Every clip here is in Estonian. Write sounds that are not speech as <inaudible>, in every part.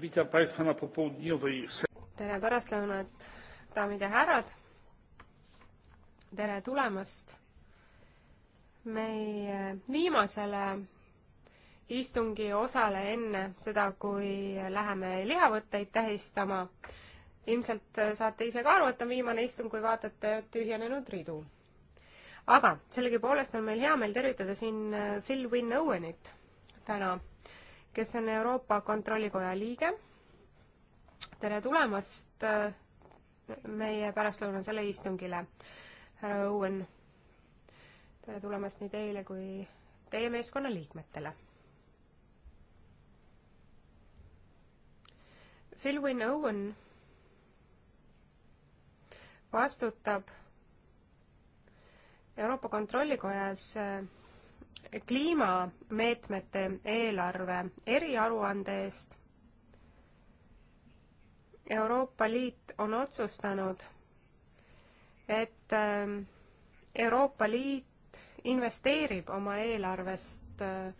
Witam Państwa na popołudniowej tere pärastlõunat, daamid ja härrad. tere tulemast meie viimasele istungi osale enne seda, kui läheme lihavõtteid tähistama. ilmselt saate ise ka aru, et on viimane istung, kui vaatate tühjenenud ridu aga sellegipoolest on meil hea meel tervitada siin äh, Phil Wynne Owenit täna, kes on Euroopa Kontrollikoja liige. tere tulemast äh, meie pärastlõunasele istungile, härra Owen. tere tulemast nii teile kui teie meeskonna liikmetele. Phil Wynne Owen vastutab Euroopa Kontrollikojas eh, kliimameetmete eelarve eriaruande eest. Euroopa Liit on otsustanud, et eh, Euroopa Liit investeerib oma eelarvest eh,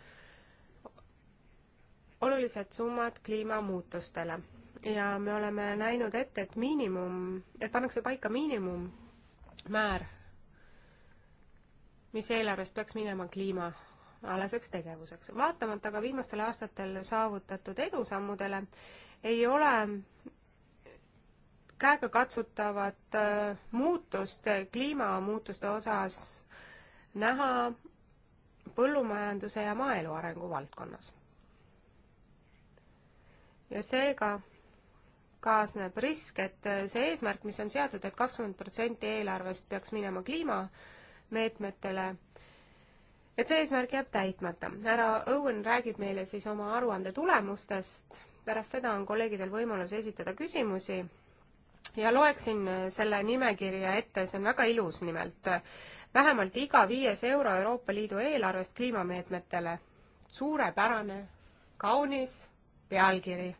olulised summad kliimamuutustele ja me oleme näinud ette, et miinimum, et pannakse paika miinimummäär mis eelarvest peaks minema kliimaalaseks tegevuseks. vaatamata ka viimastel aastatel saavutatud edusammudele, ei ole käegakatsutavat äh, muutust kliimamuutuste osas näha põllumajanduse ja maaelu arengu valdkonnas. ja seega kaasneb risk, et see eesmärk, mis on seatud et, et kakskümmend protsenti eelarvest peaks minema kliima meetmetele, et see eesmärk jääb täitmata. härra Õuen räägib meile siis oma aruande tulemustest, pärast seda on kolleegidel võimalus esitada küsimusi ja loeksin selle nimekirja ette, see on väga ilus nimelt. vähemalt iga viies euro Euroopa Liidu eelarvest kliimameetmetele. suurepärane, kaunis pealkiri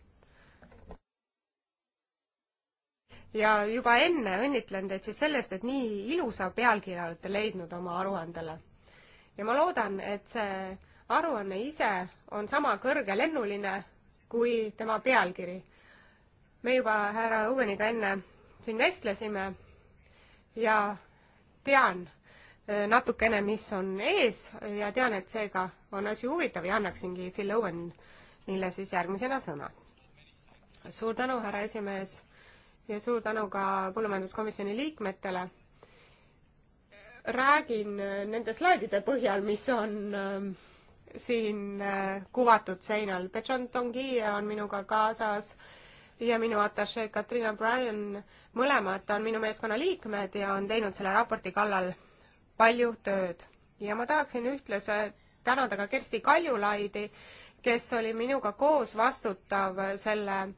ja juba enne õnnitlen teid siis sellest, et nii ilusa pealkirja olete leidnud oma aruandele. ja ma loodan, et see aruanne ise on sama kõrgelennuline kui tema pealkiri. me juba härra Õueniga enne siin vestlesime ja tean äh, natukene, mis on ees ja tean, et seega on asi huvitav ja annaksingi Phil Owenile siis järgmisena sõna. suur tänu, härra esimees ja suur tänu ka põllumajanduskomisjoni liikmetele. räägin äh, nende slaidide põhjal, mis on äh, siin äh, kuvatud seinal. Petron Tongi on minuga kaasas ja minu atašee Katrina Bryan, mõlemad on minu meeskonna liikmed ja on teinud selle raporti kallal palju tööd. ja ma tahaksin ühtlasi tänada ka Kersti Kaljulaidi, kes oli minuga koos vastutav selle äh,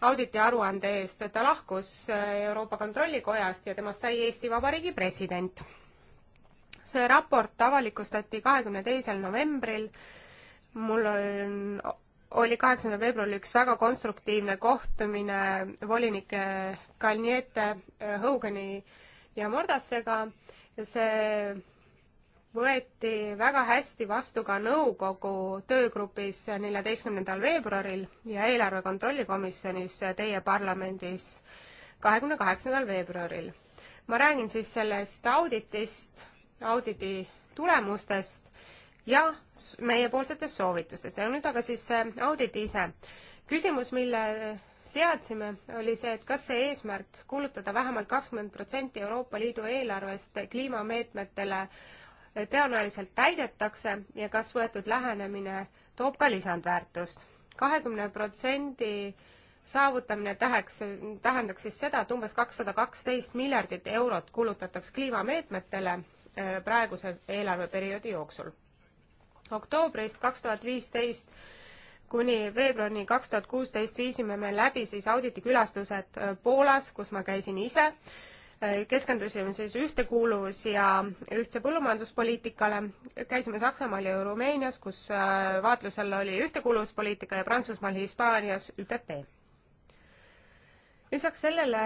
auditi aruande eest. ta lahkus äh, Euroopa Kontrollikojast ja temast sai Eesti Vabariigi president. see raport avalikustati kahekümne teisel novembril. mul on oli kaheksandal veebruaril üks väga konstruktiivne kohtumine volinike Kalniete, äh, Hogani ja Mordasega. see võeti väga hästi vastu ka nõukogu töögrupis neljateistkümnendal veebruaril ja eelarve kontrolli komisjonis teie parlamendis kahekümne kaheksandal veebruaril. ma räägin siis sellest auditist, auditi tulemustest ja meiepoolsetest soovitustest ja nüüd aga siis see audit ise. küsimus, mille seadsime, oli see, et kas see eesmärk kulutada vähemalt kakskümmend protsenti Euroopa Liidu eelarvest kliimameetmetele äh, tõenäoliselt täidetakse ja kas võetud lähenemine toob ka lisandväärtust. kahekümne protsendi saavutamine täheks, tähendaks siis seda, et umbes kakssada kaksteist miljardit eurot kulutatakse kliimameetmetele äh, praeguse eelarveperioodi jooksul. oktoobrist kaks tuhat viisteist kuni veebruarini kaks tuhat kuusteist viisime me läbi siis auditikülastused äh, Poolas, kus ma käisin ise keskendusime siis ühtekuuluvus ja ühtse põllumajanduspoliitikale. käisime Saksamaal ja Rumeenias, kus äh, vaatlusel oli ühtekuuluvuspoliitika ja Prantsusmaal, Hispaanias ÜPP. lisaks sellele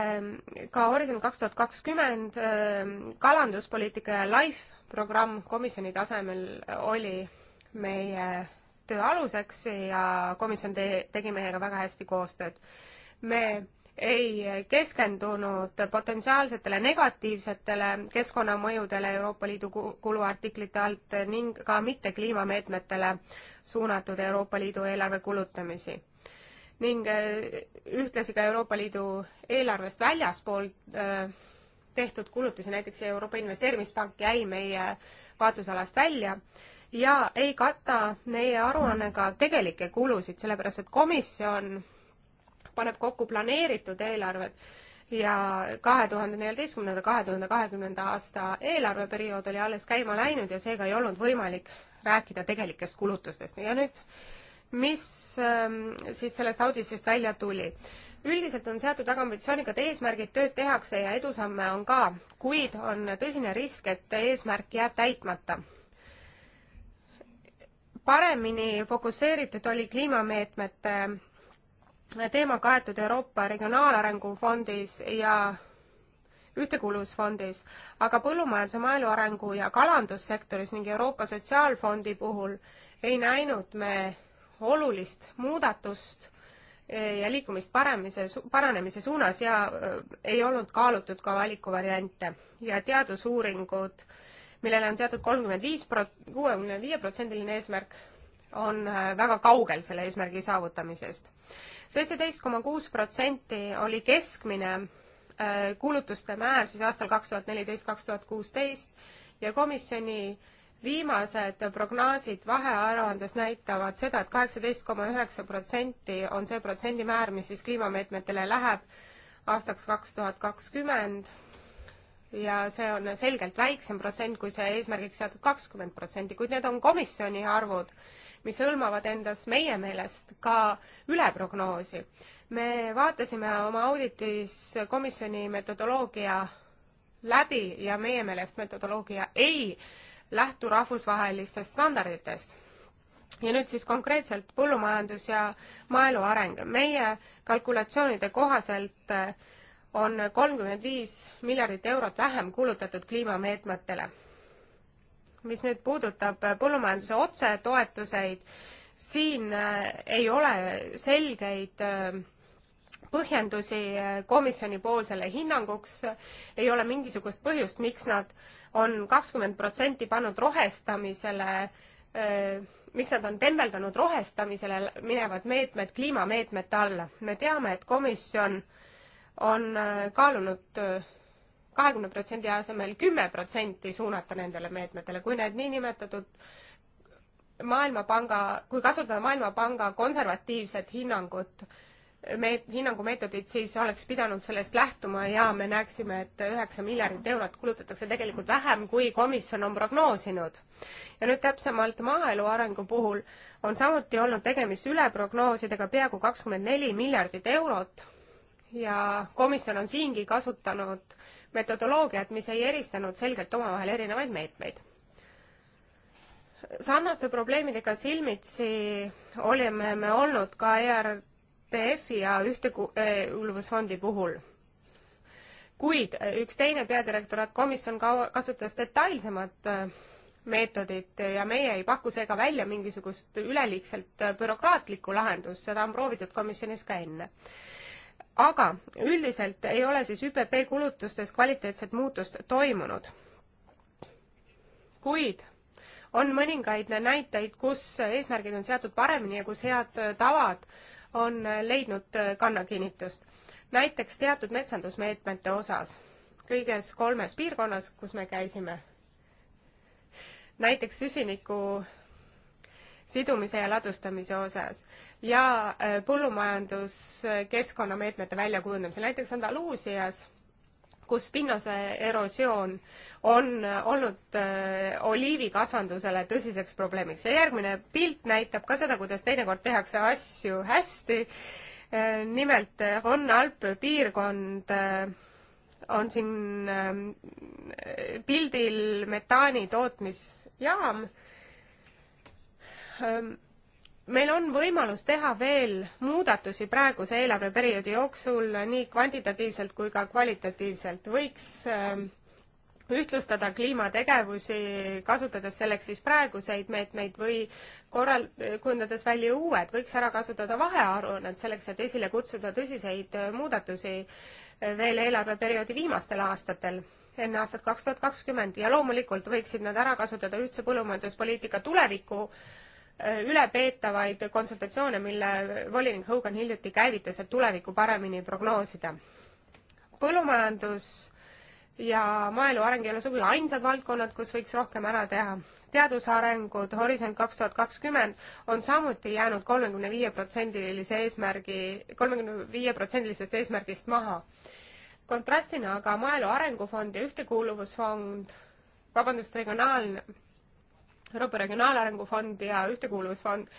ka Horisont kaks tuhat kakskümmend äh, kalanduspoliitika ja LIFE programm komisjoni tasemel oli meie töö aluseks ja komisjon te-, tegi meiega väga hästi koostööd. me ei keskendunud potentsiaalsetele negatiivsetele keskkonnamõjudele Euroopa Liidu kuluartiklite alt ning ka mitte kliimameetmetele suunatud Euroopa Liidu eelarve kulutamisi. ning äh, ühtlasi ka Euroopa Liidu eelarvest väljaspool äh, tehtud kulutusi, näiteks Euroopa Investeerimispank jäi meie vaatlusalast välja ja ei kata meie aruannega tegelikke kulusid, sellepärast et komisjon paneb kokku planeeritud eelarved ja kahe tuhande neljateistkümnenda, kahe tuhande kahekümnenda aasta eelarveperiood oli alles käima läinud ja seega ei olnud võimalik rääkida tegelikest kulutustest ja nüüd mis ähm, siis sellest auditist välja tuli. üldiselt on seatud väga ambitsioonikad eesmärgid, tööd tehakse ja edusamme on ka, kuid on tõsine risk, et eesmärk jääb täitmata. paremini fokusseeritud oli kliimameetmete teema kaetud Euroopa Regionaalarengu Fondis ja Ühtekuuluvusfondis, aga põllumajanduse, maaelu arengu ja kalandussektoris ning Euroopa Sotsiaalfondi puhul ei näinud me olulist muudatust eh, ja liikumist paremise, paranemise suunas ja eh, ei olnud kaalutud ka valikuvariante ja teadusuuringud, millele on seatud kolmkümmend viis prot-, kuuekümne viie protsendiline eesmärk, on äh, väga kaugel selle eesmärgi saavutamisest. seitseteist koma kuus protsenti oli keskmine äh, kulutuste määr siis aastal kaks tuhat neliteist, kaks tuhat kuusteist ja komisjoni viimased prognoosid vahearuandes näitavad seda et, et kaheksateist koma üheksa protsenti on see protsendimäär, mis siis kliimameetmetele läheb aastaks kaks tuhat kakskümmend ja see on selgelt väiksem protsent kui see eesmärgiks seatud kakskümmend protsenti, kuid need on komisjoni arvud, mis hõlmavad endas meie meelest ka üleprognoosi. me vaatasime oma auditis komisjoni metodoloogia läbi ja meie meelest metodoloogia ei lähtu rahvusvahelistest standarditest ja nüüd siis konkreetselt põllumajandus ja maaelu areng. meie kalkulatsioonide kohaselt äh, on kolmkümmend viis miljardit eurot vähem kulutatud kliimameetmetele. mis nüüd puudutab põllumajanduse otsetoetuseid, siin äh, ei ole selgeid äh, põhjendusi äh, komisjoni poolsele hinnanguks, ei ole mingisugust põhjust, miks nad on kakskümmend protsenti pannud rohestamisele, miks nad on tembeldanud rohestamisele minevad meetmed kliimameetmete alla. me teame, et komisjon äh, on äh, kaalunud äh, kahekümne protsendi asemel kümme protsenti suunata nendele meetmetele, kui need niinimetatud Maailmapanga, kui kasutada Maailmapanga konservatiivset hinnangut, meet-, hinnangumeetodit, siis oleks pidanud sellest lähtuma ja me näeksime, et üheksa miljardit eurot kulutatakse tegelikult vähem, kui komisjon on prognoosinud. ja nüüd täpsemalt maaelu arengu puhul on samuti olnud tegemist üleprognoosidega peaaegu kakskümmend neli miljardit eurot ja komisjon on siingi kasutanud metodoloogiat, mis ei eristanud selgelt omavahel erinevaid meetmeid. sarnaste probleemidega silmitsi olime me olnud ka ERTF-i ja Ühtekuuluvusfondi puhul. kuid üks teine peadirektoraat, komisjon ka-, kasutas detailsemat äh, meetodit ja meie ei paku seega välja mingisugust üleliigselt äh, bürokraatlikku lahendust, seda on proovitud komisjonis ka enne aga üldiselt ei ole siis ÜPP kulutustes kvaliteetset muutust toimunud. kuid on mõningaid näiteid, kus eesmärgid on seatud paremini ja kus head tavad on leidnud kannakinnitust. näiteks teatud metsandusmeetmete osas kõiges kolmes piirkonnas, kus me käisime. näiteks süsiniku sidumise ja ladustamise osas ja äh, põllumajanduskeskkonna meetmete väljakujundamisel, näiteks Andaluusias, kus pinnase erosioon on äh, olnud äh, oliivikasvandusele tõsiseks probleemiks ja järgmine pilt näitab ka seda, kuidas teinekord tehakse asju hästi äh,. nimelt Rhône-Alpe äh, piirkond äh, on siin ähm, pildil metaani tootmisjaam äh, Ähm, meil on võimalus teha veel muudatusi praeguse eelarveperioodi jooksul nii kvantitatiivselt kui ka kvalitatiivselt. võiks ähm, ühtlustada kliimategevusi, kasutades selleks siis praeguseid meetmeid või korral-, kujundades välja uued, võiks ära kasutada vahearuanned selleks, et esile kutsuda tõsiseid äh, muudatusi äh, veel eelarveperioodi viimastel aastatel enne aastat kaks tuhat kakskümmend ja loomulikult võiksid nad ära kasutada ühtse põllumajanduspoliitika tuleviku äh, ülepeetavaid konsultatsioone, mille volinik Hogan hiljuti käivitas, et tulevikku paremini prognoosida. põllumajandus ja maaelu areng ei ole sugugi ainsad valdkonnad, kus võiks rohkem ära teha. teadusarengud Horisont kaks tuhat kakskümmend on samuti jäänud kolmekümne viie protsendilise eesmärgi, kolmekümne viie protsendilisest eesmärgist maha. kontrastina aga Maaelu Arengufond ja Ühtekuuluvusfond, vabandust, regionaalne Euroopa Regionaalarengu Fond ja Ühtekuuluvusfond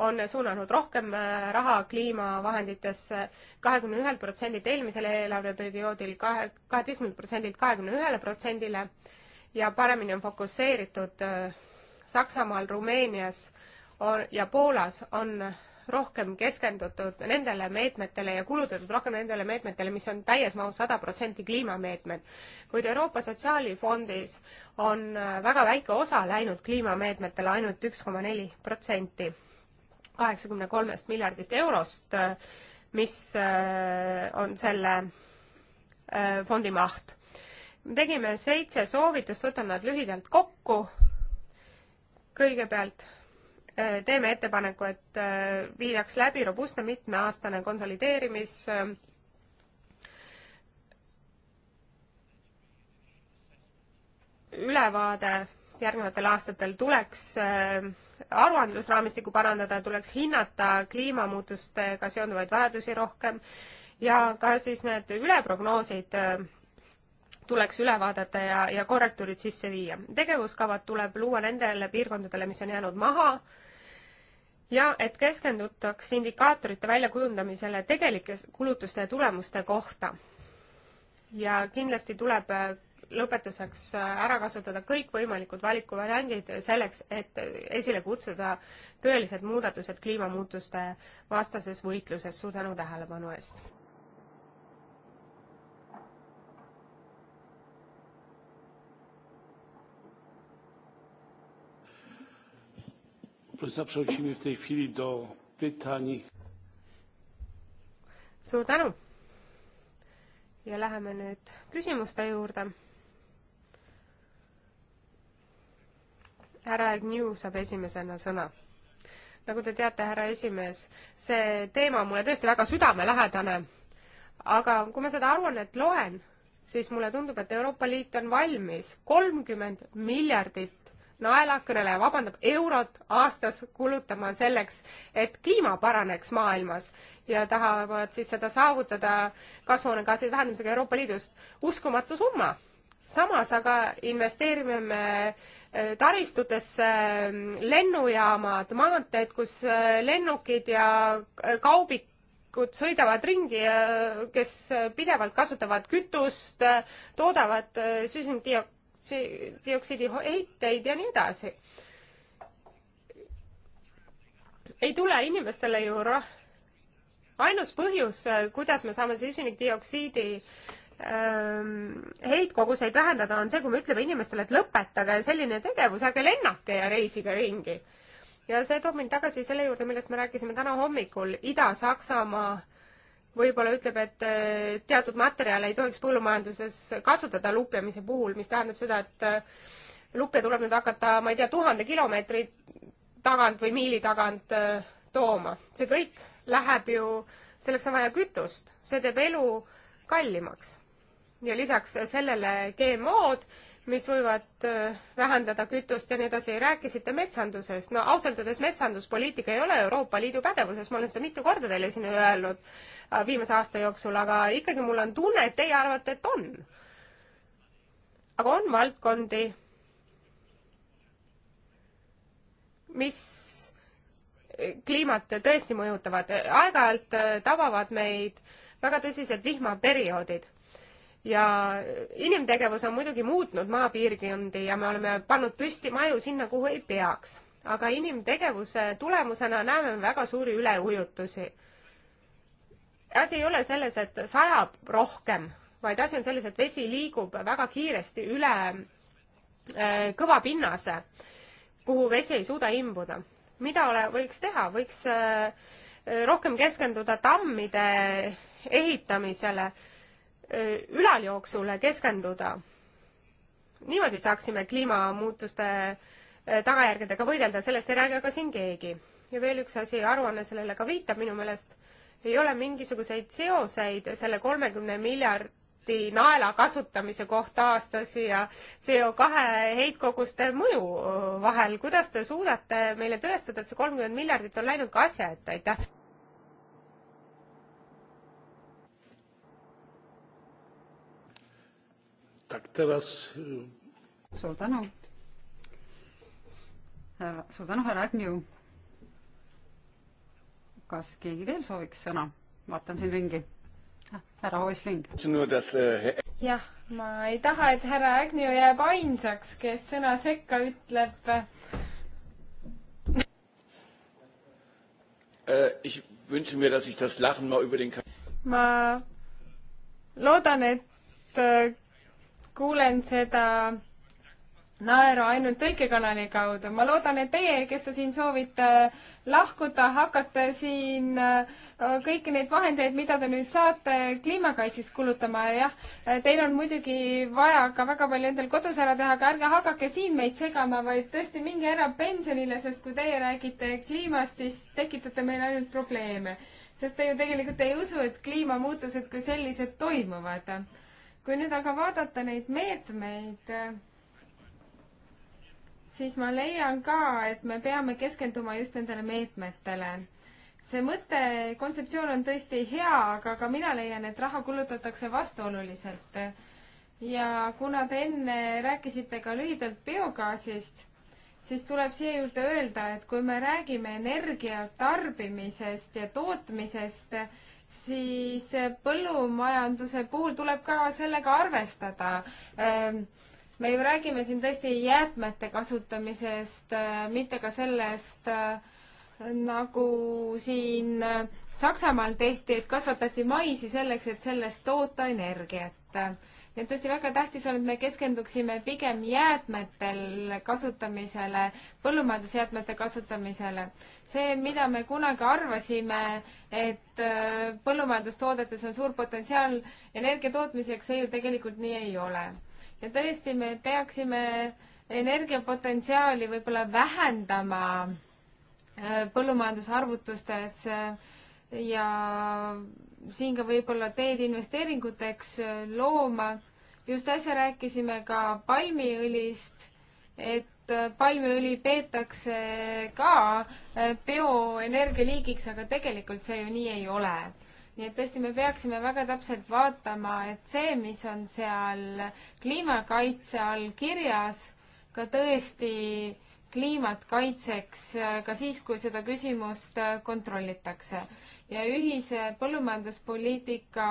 on suunanud rohkem äh, raha kliimavahenditesse kahekümne ühelt protsendilt eelmisel eelarveperioodil kahe, kaheteistkümnelt protsendilt kahekümne ühele protsendile ja paremini on fokusseeritud äh, Saksamaal, Rumeenias on, ja Poolas on rohkem keskendutud nendele meetmetele ja kulutatud rohkem nendele meetmetele, mis on täies mahus sada protsenti kliimameetmed. kuid Euroopa Sotsiaalfondis on äh, väga väike osa läinud kliimameetmetele, ainult üks koma neli protsenti kaheksakümne kolmest miljardist eurost, äh, mis äh, on selle fondi maht. tegime seitse soovitust, võtan nad lühidalt kokku. kõigepealt Äh, teeme ettepaneku, et äh, viidaks läbi robustne mitmeaastane konsolideerimis äh, ülevaade järgnevatel aastatel tuleks aruandlusraamistikku parandada, tuleks hinnata kliimamuutustega seonduvaid vajadusi rohkem ja ka siis need üleprognoosid tuleks üle vaadata ja, ja korrektuurid sisse viia. tegevuskavad tuleb luua nendele piirkondadele, mis on jäänud maha ja et keskendutaks indikaatorite väljakujundamisele tegelike kulutuste ja tulemuste kohta. ja kindlasti tuleb äh, lõpetuseks äh, ära kasutada kõikvõimalikud valikuvariandid selleks, et esile kutsuda tõelised muudatused kliimamuutuste vastases võitluses. suur tänu tähelepanu eest! proszę, przechodzimy w tej chwili do pytań. suur tänu! ja läheme nüüd küsimuste juurde. härra Agnew saab esimesena sõna. nagu te teate, härra esimees, see teema on mulle tõesti väga südamelähedane. aga kui ma seda aruannet loen, siis mulle tundub, et Euroopa Liit on valmis kolmkümmend miljardit naelakõneleja vabandab eurot aastas kulutama selleks, et kliima paraneks maailmas ja tahavad siis seda saavutada kasvuhoonegaaside vähendamisega Euroopa Liidust. uskumatu summa. samas aga investeerime me eh, taristutesse mm, lennujaamad, maanteed, kus eh, lennukid ja eh, kaubik isikud sõidavad ringi, kes pidevalt kasutavad kütust, toodavad süsinikdio-, süsinikdioksiidi heiteid ja nii edasi. ei tule inimestele ju rah-, ainus põhjus, kuidas me saame süsinikdioksiidi ähm, heitkoguseid vähendada, on see, kui me ütleme inimestele, et lõpetage selline tegevus, ärge lennake ja reisige ringi. ja see toob mind tagasi selle juurde, millest me rääkisime täna hommikul Ida-Saksamaa äh, võib-olla ütleb, et äh, teatud materjale ei tohiks põllumajanduses kasutada lupjamise puhul, mis tähendab seda, et äh, lupja tuleb nüüd hakata, ma ei tea, tuhande kilomeetri tagant või miili tagant äh, tooma. see kõik läheb ju, selleks on vaja kütust, see teeb elu kallimaks. ja lisaks sellele GMO-d mis võivad äh, vähendada kütust ja nii edasi. rääkisite metsandusest. no ausalt öeldes metsanduspoliitika ei ole Euroopa Liidu pädevuses, ma olen seda mitu korda teile siin öelnud äh, viimase aasta jooksul, aga ikkagi mul on tunne, et teie arvate, et on. aga on valdkondi, mis äh, kliimat tõesti mõjutavad. aeg-ajalt tabavad meid väga tõsised vihmaperioodid ja inimtegevus on muidugi muutnud maapiirkondi ja me oleme pannud püsti maju sinna, kuhu ei peaks. aga inimtegevuse tulemusena näeme väga suuri üleujutusi. asi ei ole selles, et sajab rohkem, vaid asi on selles, et vesi liigub väga kiiresti üle äh, kõva pinnase, kuhu vesi ei suuda imbuda. mida ole, võiks teha, võiks äh, rohkem keskenduda tammide ehitamisele Äh, ülaljooksule keskenduda. niimoodi saaksime kliimamuutuste äh, tagajärgedega võidelda, sellest ei räägi aga siin keegi. ja veel üks asi, aruanne sellele ka viitab minu meelest, ei ole mingisuguseid seoseid selle kolmekümne miljard dioksiidi naela kasutamise kohta aastas ja CO2 heitkoguste mõju äh, vahel. kuidas te suudate meile tõestada, et see kolmkümmend miljardit on läinud ka asja ette, aitäh? tak teraz. suur tänu. härra, suur tänu, härra Agnew. kas keegi veel sooviks sõna? vaatan siin ringi. härra Oisling. jah, ma ei taha, et härra Agnew jääb ainsaks, kes sõna sekka ütleb. Äh, ich wünsche mir, dass ich das Lachen mal über den ma loodan, et äh, kuulen seda naeru ainult tõlkekanali kaudu. ma loodan, et teie, kes te siin soovite lahkuda, hakkate siin äh, kõiki neid vahendeid, mida te nüüd saate kliimakaitses kulutama ja jah, teil on muidugi vaja ka väga palju endal kodus ära teha, aga ärge hakake siin meid segama, vaid tõesti minge ära pensionile, sest kui teie räägite kliimast, siis tekitate meile ainult probleeme. sest te ju tegelikult ei usu, et kliimamuutused kui sellised toimuvad kui nüüd aga vaadata neid meetmeid, siis ma leian ka, et me peame keskenduma just nendele meetmetele. see mõte, kontseptsioon on tõesti hea, aga ka mina leian, et raha kulutatakse vastuoluliselt. ja kuna te enne rääkisite ka lühidalt biogaasist, siis tuleb siia juurde öelda, et kui me räägime energia tarbimisest ja tootmisest, siis eh, põllumajanduse puhul tuleb ka sellega arvestada. Ehm, me ju räägime siin tõesti jäätmete kasutamisest, eh, mitte ka sellest, eh, nagu siin Saksamaal tehti, et kasvatati maisi selleks, et sellest toota energiat nii et tõesti väga tähtis on, et me keskenduksime pigem jäätmetel kasutamisele, põllumajandusjäätmete kasutamisele. see, mida me kunagi arvasime, et äh, põllumajandustoodetes on suur potentsiaal energia tootmiseks, see ju tegelikult nii ei ole. ja tõesti, me peaksime energiapotentsiaali võib-olla vähendama äh, põllumajandusarvutustes äh, ja siin ka võib-olla teed investeeringuteks äh, looma. just äsja rääkisime ka palmiõlist, et äh, palmiõli peetakse ka äh, bioenergia liigiks, aga tegelikult see ju nii ei ole nii et tõesti, me peaksime väga täpselt vaatama, et see, mis on seal kliimakaitse all kirjas, ka tõesti kliimat kaitseks ka siis, kui seda küsimust kontrollitakse ja ühise põllumajanduspoliitika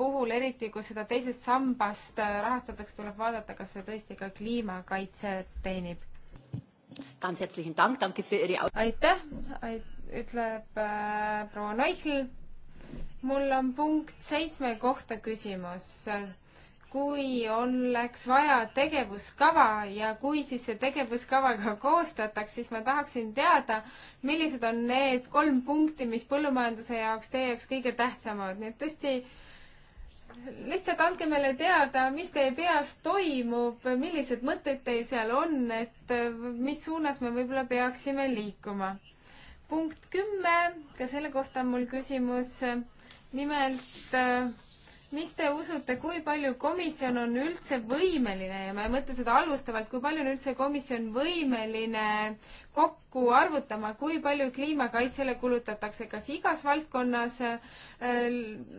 puhul, eriti kui seda teisest sambast äh, rahastatakse, tuleb vaadata, kas see tõesti ka kliimakaitset teenib. aitäh, ütleb äh, proua Neuchel. mul on punkt seitsme kohta küsimus kui oleks vaja tegevuskava ja kui siis see tegevuskava ka <laughs> koostataks, siis ma tahaksin teada, millised on need kolm punkti, mis põllumajanduse jaoks teie jaoks kõige tähtsamad, nii et tõesti lihtsalt andke meile teada, mis teie peas toimub, millised mõtted teil seal on, et mis suunas me võib-olla peaksime liikuma. punkt kümme, ka selle kohta on mul küsimus. nimelt mis te usute, kui palju komisjon on üldse võimeline ja ma ei mõtle seda halvustavalt, kui palju on üldse komisjon võimeline kokku arvutama, kui palju kliimakaitsele kulutatakse, kas igas valdkonnas äh,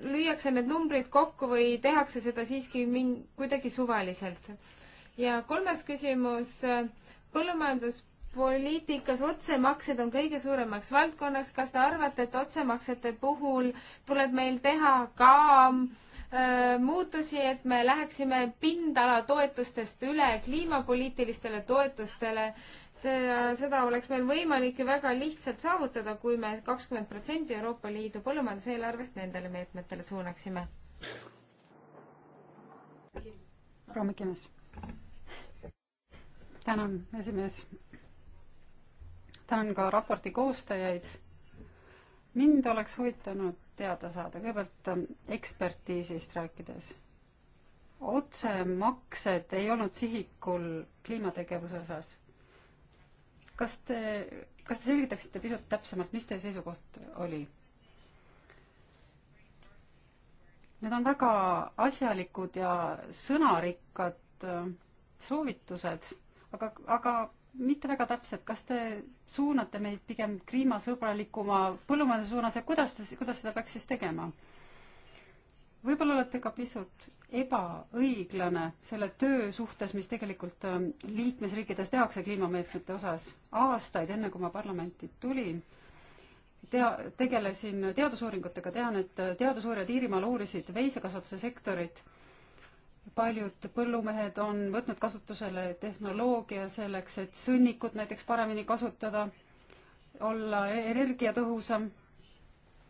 lüüakse need numbrid kokku või tehakse seda siiski min-, kuidagi suvaliselt? ja kolmas küsimus, põllumajandus poliitikas otsemaksed on kõige suuremaks valdkonnas, kas te arvate, et otsemaksete puhul tuleb meil teha ka äh, muutusi, et me läheksime pindala toetustest üle kliimapoliitilistele toetustele. see, seda oleks meil võimalik ju väga lihtsalt saavutada, kui me kakskümmend protsenti Euroopa Liidu põllumajanduseelarvest nendele meetmetele suunaksime. proua Mikinas. tänan, esimees. tänan ka raporti koostajaid. mind oleks huvitanud teada saada, kõigepealt ähm, ekspertiisist rääkides. otsemaksed ei olnud sihikul kliimategevuse osas. kas te, kas te selgitaksite pisut täpsemalt, mis teie seisukoht oli? Need on väga asjalikud ja sõnarikkad äh, soovitused, aga, aga mitte väga täpselt, kas te suunate meid pigem kliimasõbralikuma põllumajanduse suunas ja kuidas te, kuidas seda peaks siis tegema? võib-olla olete ka pisut ebaõiglane selle töö suhtes, mis tegelikult ähm, liikmesriikides tehakse kliimameetmete osas. aastaid enne, kui ma parlamenti tulin, tea-, tegelesin teadusuuringutega, tean, et äh, teadusuurijad Iirimaal uurisid veisekasvatuse sektorit paljud põllumehed on võtnud kasutusele tehnoloogia selleks, et sõnnikut näiteks paremini kasutada, olla e-, energiatõhusam.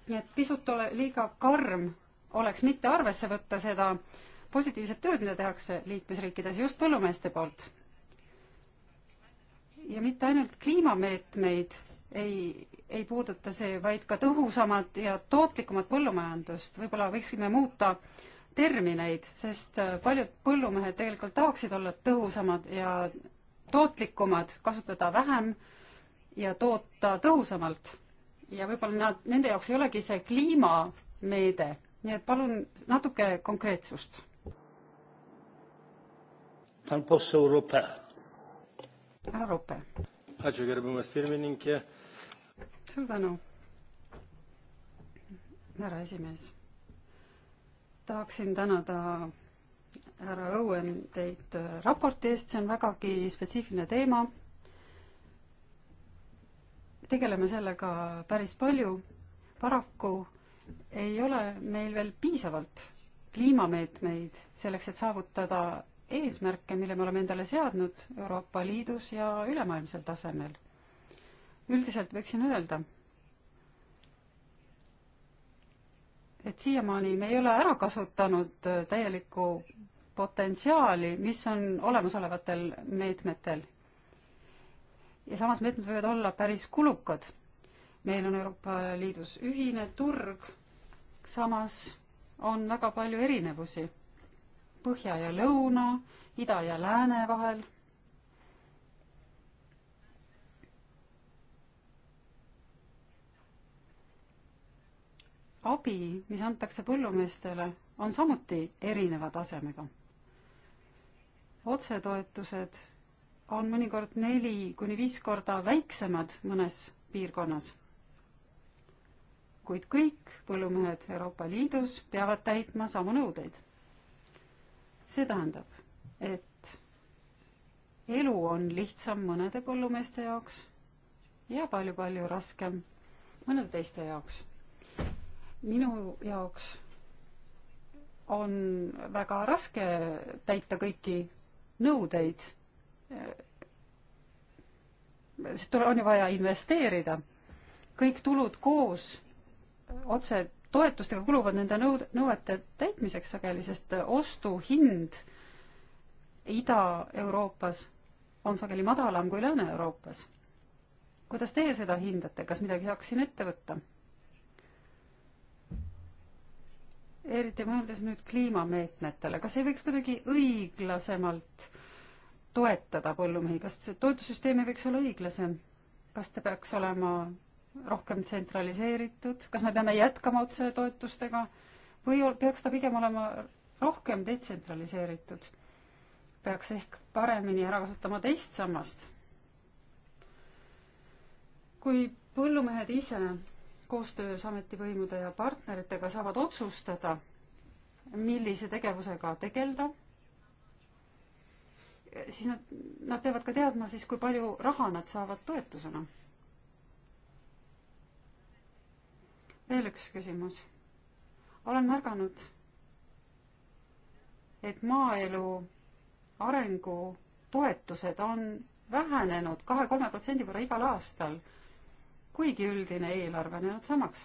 nii et pisut ole, liiga karm oleks mitte arvesse võtta seda positiivset tööd, mida tehakse liikmesriikides just põllumeeste poolt. ja mitte ainult kliimameetmeid ei, ei puuduta see, vaid ka tõhusamat ja tootlikumat põllumajandust. võib-olla võiksime muuta äh, termineid, sest äh, paljud põllumehed tegelikult tahaksid olla tõhusamad ja tootlikumad, kasutada vähem ja toota tõhusamalt. ja võib-olla nad, nende jaoks ei olegi see kliimameede, nii et palun natuke konkreetsust. härra Rope. suur tänu, härra esimees tahaksin tänada härra Õuen teid äh, raporti eest, see on vägagi spetsiifiline teema. tegeleme sellega päris palju. paraku ei ole meil veel piisavalt kliimameetmeid selleks, et saavutada eesmärke, mille me oleme endale seadnud Euroopa Liidus ja ülemaailmsel tasemel. üldiselt võiksin öelda et siiamaani me ei ole ära kasutanud äh, täielikku potentsiaali, mis on olemasolevatel meetmetel. ja samas meetmed võivad olla päris kulukad. meil on Euroopa Liidus ühine turg, samas on väga palju erinevusi põhja ja lõuna, ida ja lääne vahel abi, mis antakse põllumeestele, on samuti erineva tasemega. otsetoetused on mõnikord neli kuni viis korda väiksemad mõnes piirkonnas. kuid kõik põllumehed Euroopa Liidus peavad täitma samu nõudeid. see tähendab, et elu on lihtsam mõnede põllumeeste jaoks ja palju-palju raskem mõnede teiste jaoks minu jaoks on väga raske täita kõiki nõudeid. sest tule, on ju vaja investeerida. kõik tulud koos otse toetustega kuluvad nende nõud-, nõuete täitmiseks sageli, sest ostuhind Ida-Euroopas on sageli madalam kui Lääne-Euroopas. kuidas teie seda hindate, kas midagi saaks siin ette võtta? eriti mõeldes nüüd kliimameetmetele, kas ei võiks kuidagi õiglasemalt toetada põllumehi, kas see toetussüsteem ei võiks olla õiglasem? kas ta peaks olema rohkem tsentraliseeritud, kas me peame jätkama otsetoetustega või peaks ta pigem olema rohkem detsentraliseeritud? peaks ehk paremini ära kasutama teist sammast? kui põllumehed ise koostöös ametivõimude ja partneritega saavad otsustada, millise tegevusega tegeleda, siis nad, nad peavad ka teadma siis, kui palju raha nad saavad toetusena. veel üks küsimus. olen märganud, et maaelu arengu toetused on vähenenud kahe-kolme protsendi võrra igal aastal kuigi üldine eelarve on jäänud samaks.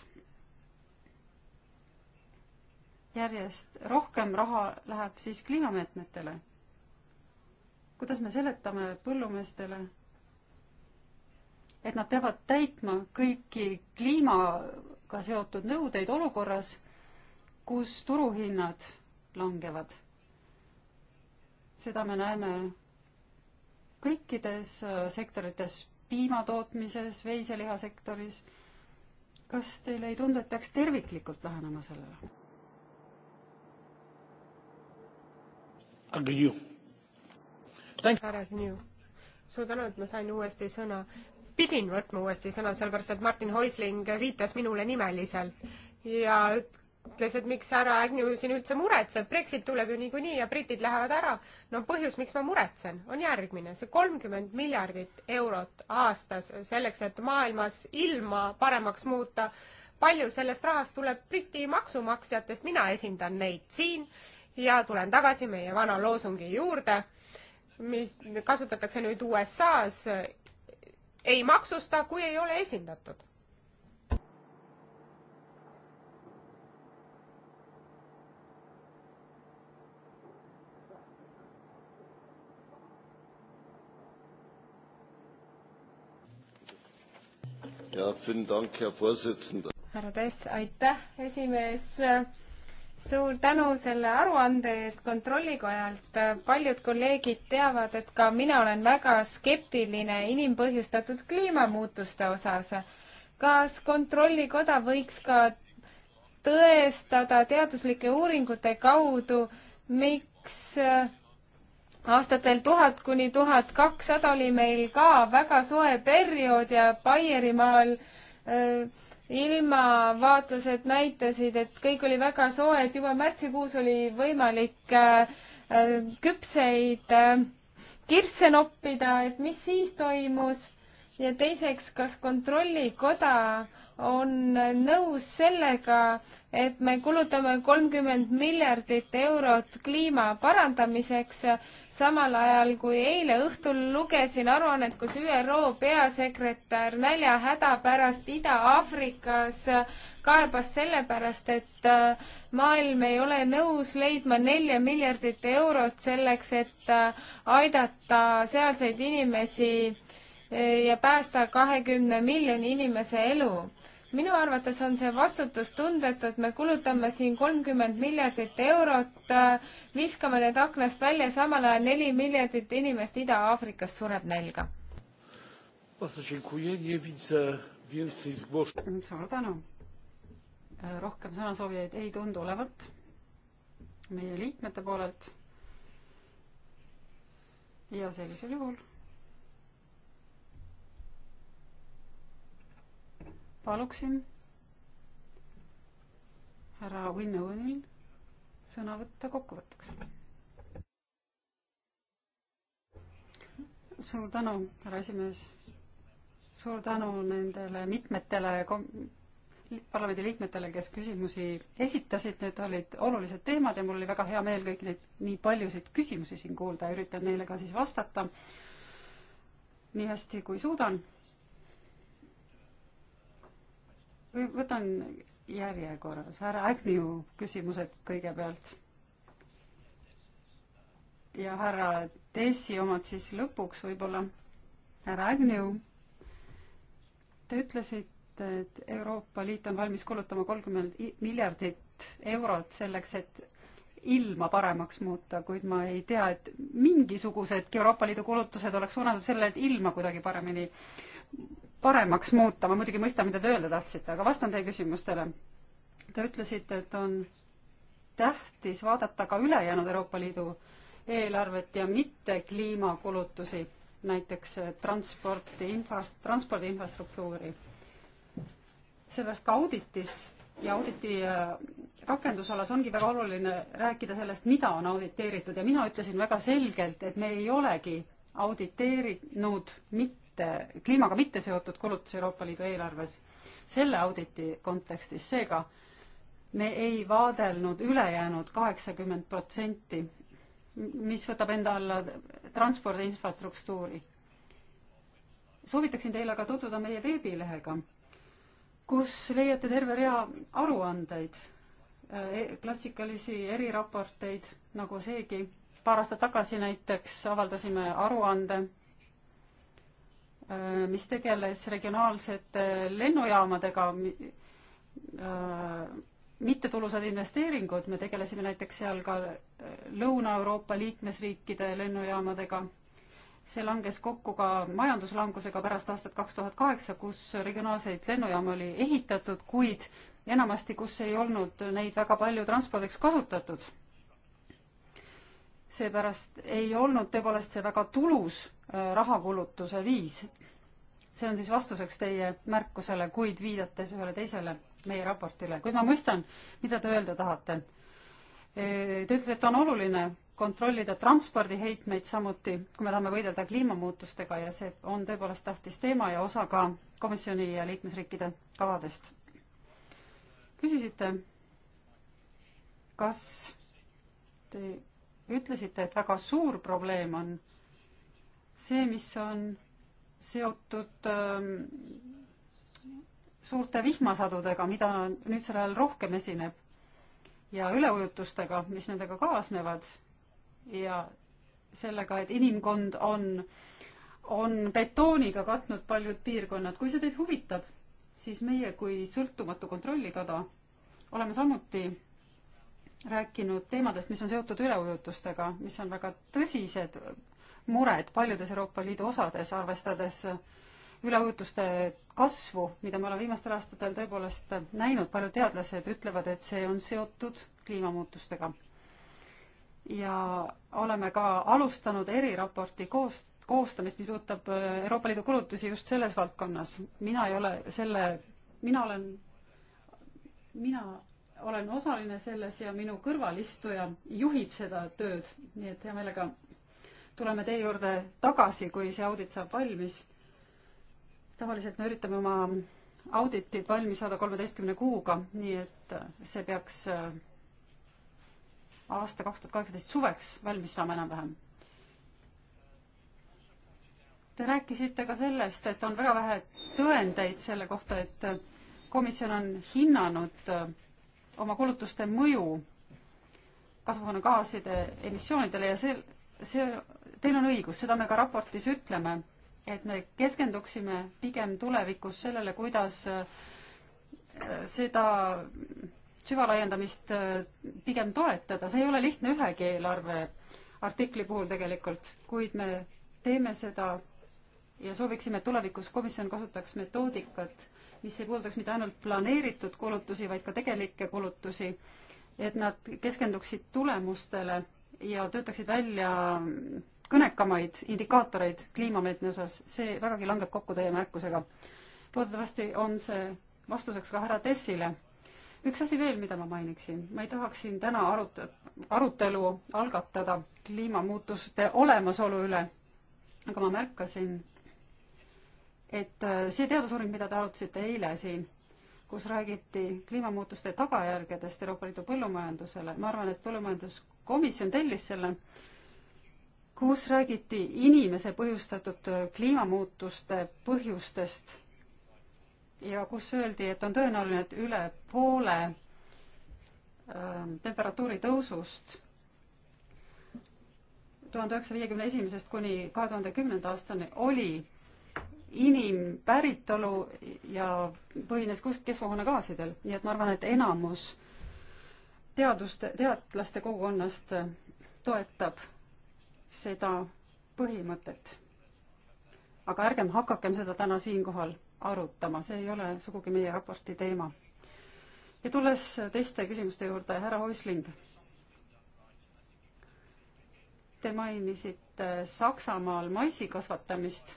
järjest rohkem raha läheb siis kliimameetmetele. kuidas me seletame põllumeestele, et nad peavad täitma kõiki kliimaga seotud nõudeid olukorras, kus turuhinnad langevad? seda me näeme kõikides äh, sektorites piimatootmises, veiselihasektoris. kas teile ei tundu, et peaks terviklikult lähenema sellele? suur tänu, et ma sain uuesti sõna. pidin võtma uuesti sõna, sellepärast et Martin Häusling viitas minule nimeliselt ja ütles, et miks härra Agnew siin üldse muretseb, Brexit tuleb ju niikuinii ja britid lähevad ära. no põhjus, miks ma muretsen, on järgmine, see kolmkümmend miljardit eurot aastas selleks, et maailmas ilma paremaks muuta, palju sellest rahast tuleb Briti maksumaksjatest, mina esindan neid siin ja tulen tagasi meie vana loosungi juurde, mis kasutatakse nüüd USA-s, ei maksusta, kui ei ole esindatud härra Tess, aitäh, esimees. suur tänu selle aruande eest Kontrollikojalt. paljud kolleegid teavad, et ka mina olen väga skeptiline inimpõhjustatud kliimamuutuste osas. kas Kontrollikoda võiks ka tõestada teaduslike uuringute kaudu, miks aastatel tuhat kuni tuhat kakssada oli meil ka väga soe periood ja Baierimaal äh, ilmavaatlused näitasid, et kõik oli väga soe, et juba märtsikuus oli võimalik äh, küpseid äh, kirsse noppida, et mis siis toimus ja teiseks, kas Kontrollikoda on nõus sellega, et me kulutame kolmkümmend miljardit eurot kliima parandamiseks samal ajal kui eile õhtul lugesin aruannet, kus ÜRO peasekretär näljahäda pärast Ida-Aafrikas kaebas selle pärast, et äh, maailm ei ole nõus leidma nelja miljardit eurot selleks, et äh, aidata sealseid inimesi äh, ja päästa kahekümne miljoni inimese elu minu arvates on see vastutustundetu, et me kulutame siin kolmkümmend miljardit eurot, äh, viskame need aknast välja, samal ajal neli miljardit inimest Ida-Aafrikas sureb nälga. suur tänu. Äh, rohkem sõnasoovijaid ei tundu olevat meie liikmete poolelt. ja sellisel juhul paluksin härra Winnowenil sõna võtta kokkuvõtteks. suur tänu, härra esimees. suur tänu nendele mitmetele kom-, parlamendiliikmetele, kes küsimusi esitasid, need olid olulised teemad ja mul oli väga hea meel kõik neid, nii paljusid küsimusi siin kuulda ja üritan neile ka siis vastata nii hästi, kui suudan võtan järjekorras härra Agnew küsimused kõigepealt. ja härra Tessi omad siis lõpuks võib-olla. härra Agnew, te ütlesite, et Euroopa Liit on valmis kulutama kolmkümmend miljardit eurot selleks, et ilma paremaks muuta, kuid ma ei tea, et mingisugusedki Euroopa Liidu kulutused oleks suunatud selle, et ilma kuidagi paremini paremaks muuta, ma muidugi mõistan, mida te öelda tahtsite, aga vastan teie küsimustele. Te ütlesite, et on tähtis vaadata ka ülejäänud Euroopa Liidu eelarvet ja mitte kliimakulutusi, näiteks eh, transporti, infras-, transpordi infrastruktuuri. seepärast ka auditis ja auditi eh, rakendusalas ongi väga oluline rääkida sellest, mida on auditeeritud ja mina ütlesin väga selgelt, et me ei olegi auditeerinud mitte mitte, äh, kliimaga mitte seotud kulutusi Euroopa Liidu eelarves selle auditi kontekstis, seega me ei vaadelnud ülejäänud kaheksakümmend protsenti, mis võtab enda alla transpordi infrastruktuuri. soovitaksin teile aga tutvuda meie veebilehega, kus leiate terve rea aruandeid, äh, e-, klassikalisi eriraporteid, nagu seegi. paar aastat tagasi näiteks avaldasime aruande Äh, mis tegeles regionaalsete lennujaamadega, äh, mittetulus investeeringud, me tegelesime näiteks seal ka äh, Lõuna-Euroopa liikmesriikide lennujaamadega. see langes kokku ka majanduslangusega pärast aastat kaks tuhat kaheksa, kus regionaalseid lennujaamu oli ehitatud, kuid enamasti, kus ei olnud neid väga palju transpordiks kasutatud. seepärast ei olnud tõepoolest see väga tulus Äh, rahakulutuse viis. see on siis vastuseks teie märkusele, kuid viidates ühele teisele meie raportile, kuid ma mõistan, mida te öelda tahate. Te ütlete, et on oluline kontrollida transpordiheitmeid samuti, kui me tahame võidelda kliimamuutustega ja see on tõepoolest tähtis teema ja osa ka komisjoni ja liikmesriikide kavadest. küsisite, kas te ütlesite, et väga suur probleem on see, mis on seotud ähm, suurte vihmasadudega, mida nüüdsel ajal rohkem esineb ja üleujutustega, mis nendega kaasnevad ja sellega, et inimkond on, on betooniga katnud paljud piirkonnad. kui see teid huvitab, siis meie kui sõltumatu kontrollikada oleme samuti rääkinud teemadest, mis on seotud üleujutustega, mis on väga tõsised mured paljudes Euroopa Liidu osades, arvestades üleujutuste kasvu, mida me oleme viimastel aastatel tõepoolest näinud, paljud teadlased ütlevad, et see on seotud kliimamuutustega. ja oleme ka alustanud eriraporti koos, koostamist, mis puudutab äh, Euroopa Liidu kulutusi just selles valdkonnas. mina ei ole selle, mina olen, mina olen osaline selles ja minu kõrvalistuja juhib seda tööd, nii et hea meelega tuleme teie juurde tagasi, kui see audit saab valmis. tavaliselt me üritame oma auditid valmis saada kolmeteistkümne kuuga, nii et äh, see peaks äh, aasta kaks tuhat kaheksateist suveks valmis saama enam-vähem. Te rääkisite ka sellest, et on väga vähe tõendeid selle kohta, et äh, komisjon on hinnanud oma kulutuste mõju kasvuhoonegaaside emissioonidele ja see, see teil on õigus, seda me ka raportis ütleme, et me keskenduksime pigem tulevikus sellele, kuidas äh, seda süvalaiendamist äh, pigem toetada, see ei ole lihtne ühegi eelarve artikli puhul tegelikult, kuid me teeme seda ja sooviksime, et tulevikus komisjon kasutaks metoodikat, mis ei puudutaks mitte ainult planeeritud kulutusi, vaid ka tegelikke kulutusi, et nad keskenduksid tulemustele ja töötaksid välja kõnekamaid indikaatoreid kliimameetme osas, see vägagi langeb kokku teie märkusega. loodetavasti on see vastuseks ka härra Tessile. üks asi veel, mida ma mainiksin, ma ei tahaks siin täna arut-, arutelu algatada kliimamuutuste olemasolu üle, aga ma märkasin, et äh, see teadusuuring, mida te arutasite eile siin, kus räägiti kliimamuutuste tagajärgedest Euroopa Liidu põllumajandusele, ma arvan, et põllumajanduskomisjon tellis selle, kus räägiti inimese põhjustatud äh, kliimamuutuste põhjustest ja kus öeldi, et on tõenäoline, et üle poole ähm, temperatuuri tõusust tuhande üheksasaja viiekümne esimesest kuni kahe tuhande kümnenda aastani oli inimpäritolu ja põhines keskkonnagaasidel, nii et ma arvan, et enamus teaduste, teadlaste kogukonnast äh, toetab seda põhimõtet. aga ärgem hakakem seda täna siinkohal arutama, see ei ole sugugi meie raporti teema. ja tulles teiste küsimuste juurde, härra Oisling, te mainisite Saksamaal maisi kasvatamist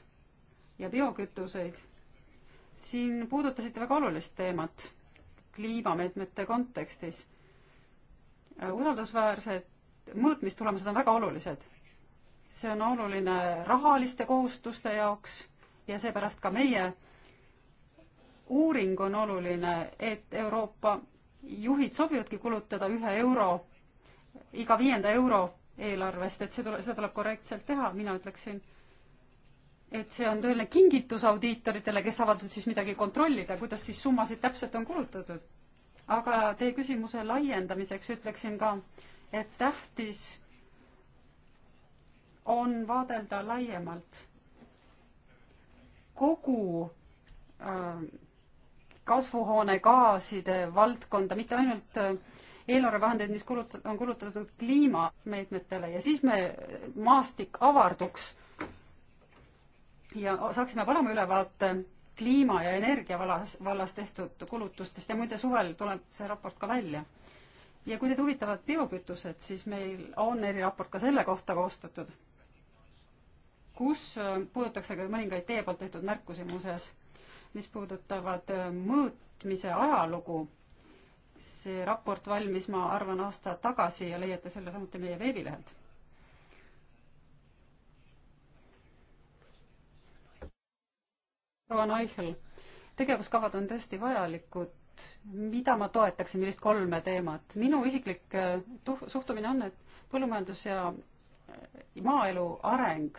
ja biokütuseid. siin puudutasite väga olulist teemat kliimameetmete kontekstis. usaldusväärsed mõõtmistulemused on väga olulised see on oluline rahaliste kohustuste jaoks ja seepärast ka meie uuring on oluline, et Euroopa juhid sobivadki kulutada ühe euro, iga viienda euro eelarvest, et see tule, seda tuleb korrektselt teha, mina ütleksin, et see on tõeline kingitus audiitoritele, kes saavad nüüd siis midagi kontrollida, kuidas siis summasid täpselt on kulutatud. aga teie küsimuse laiendamiseks ütleksin ka, et tähtis on vaadelda laiemalt kogu äh, kasvuhoonegaaside valdkonda, mitte ainult äh, eelarvevahendeid, mis kulut-, on kulutatud kliimameetmetele ja siis me, maastik avarduks ja saaksime parema ülevaate kliima ja energia vallas, vallas tehtud kulutustest ja muide, suvel tuleb see raport ka välja. ja kui teid huvitavad biokütused, siis meil on eriraport ka selle kohta koostatud kus äh, puudutatakse ka mõningaid teie poolt tehtud märkusi muuseas, mis puudutavad äh, mõõtmise ajalugu. see raport valmis, ma arvan, aasta tagasi ja leiate selle samuti meie veebilehelt. proua Neuchel, tegevuskavad on tõesti vajalikud mida ma toetaksin, millist kolme teemat? minu isiklik äh, tuh-, suhtumine on, et põllumajandus ja maaelu areng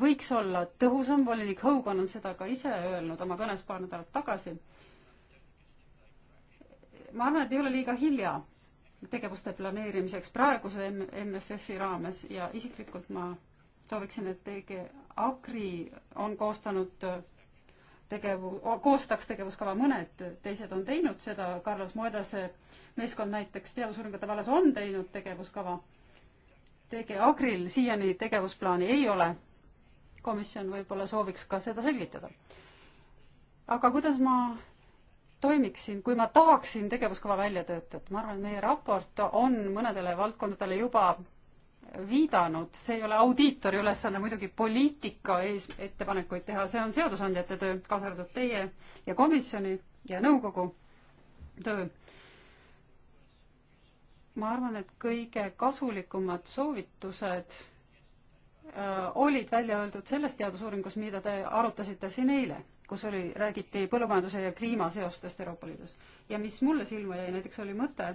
võiks olla tõhusam, volinik Hogan on seda ka ise öelnud oma kõnes paar nädalat tagasi. ma arvan, et ei ole liiga hilja tegevuste planeerimiseks praeguse MFF-i raames ja isiklikult ma sooviksin, et TG Agri on koostanud tegevu-, koostaks tegevuskava, mõned teised on teinud seda, Carlos Moedase meeskond näiteks teadusuuringute vallas on teinud tegevuskava. TG Agril siiani tegevusplaani ei ole komisjon võib-olla sooviks ka seda selgitada. aga kuidas ma toimiksin, kui ma tahaksin tegevuskava välja töötada, ma arvan, et meie raport on mõnedele valdkondadele juba viidanud, see ei ole audiitori ülesanne muidugi poliitika ees ettepanekuid teha, see on seadusandjate töö, kaasa arvatud teie ja komisjoni ja nõukogu töö. ma arvan, et kõige kasulikumad soovitused Äh, olid välja öeldud selles teadusuuringus, mida te arutasite siin eile, kus oli, räägiti põllumajanduse ja kliima seostest Euroopa Liidus. ja mis mulle silma jäi näiteks, oli mõte,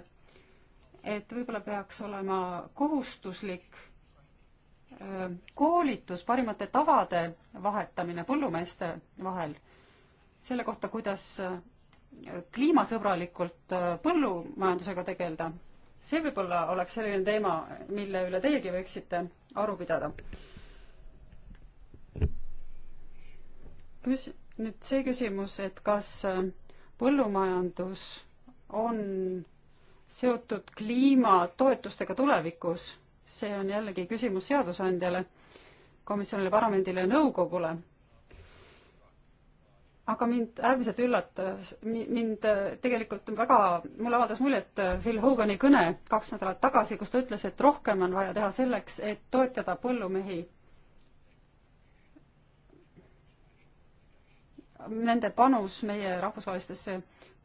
et võib-olla peaks olema kohustuslik äh, koolitus, parimate tavade vahetamine põllumeeste vahel selle kohta, kuidas äh, kliimasõbralikult põllumajandusega tegeleda see võib-olla oleks selline teema, mille üle teiegi võiksite aru pidada. küs-, nüüd see küsimus, et kas äh, põllumajandus on seotud kliimatoetustega tulevikus, see on jällegi küsimus seadusandjale, komisjonile, parlamendile ja nõukogule aga mind äärmiselt üllatas, mind äh, tegelikult väga, mulle avaldas muljet äh, Phil Hogani kõne kaks nädalat tagasi, kus ta ütles, et rohkem on vaja teha selleks, et toetada põllumehi. Nende panus meie rahvusvahelistesse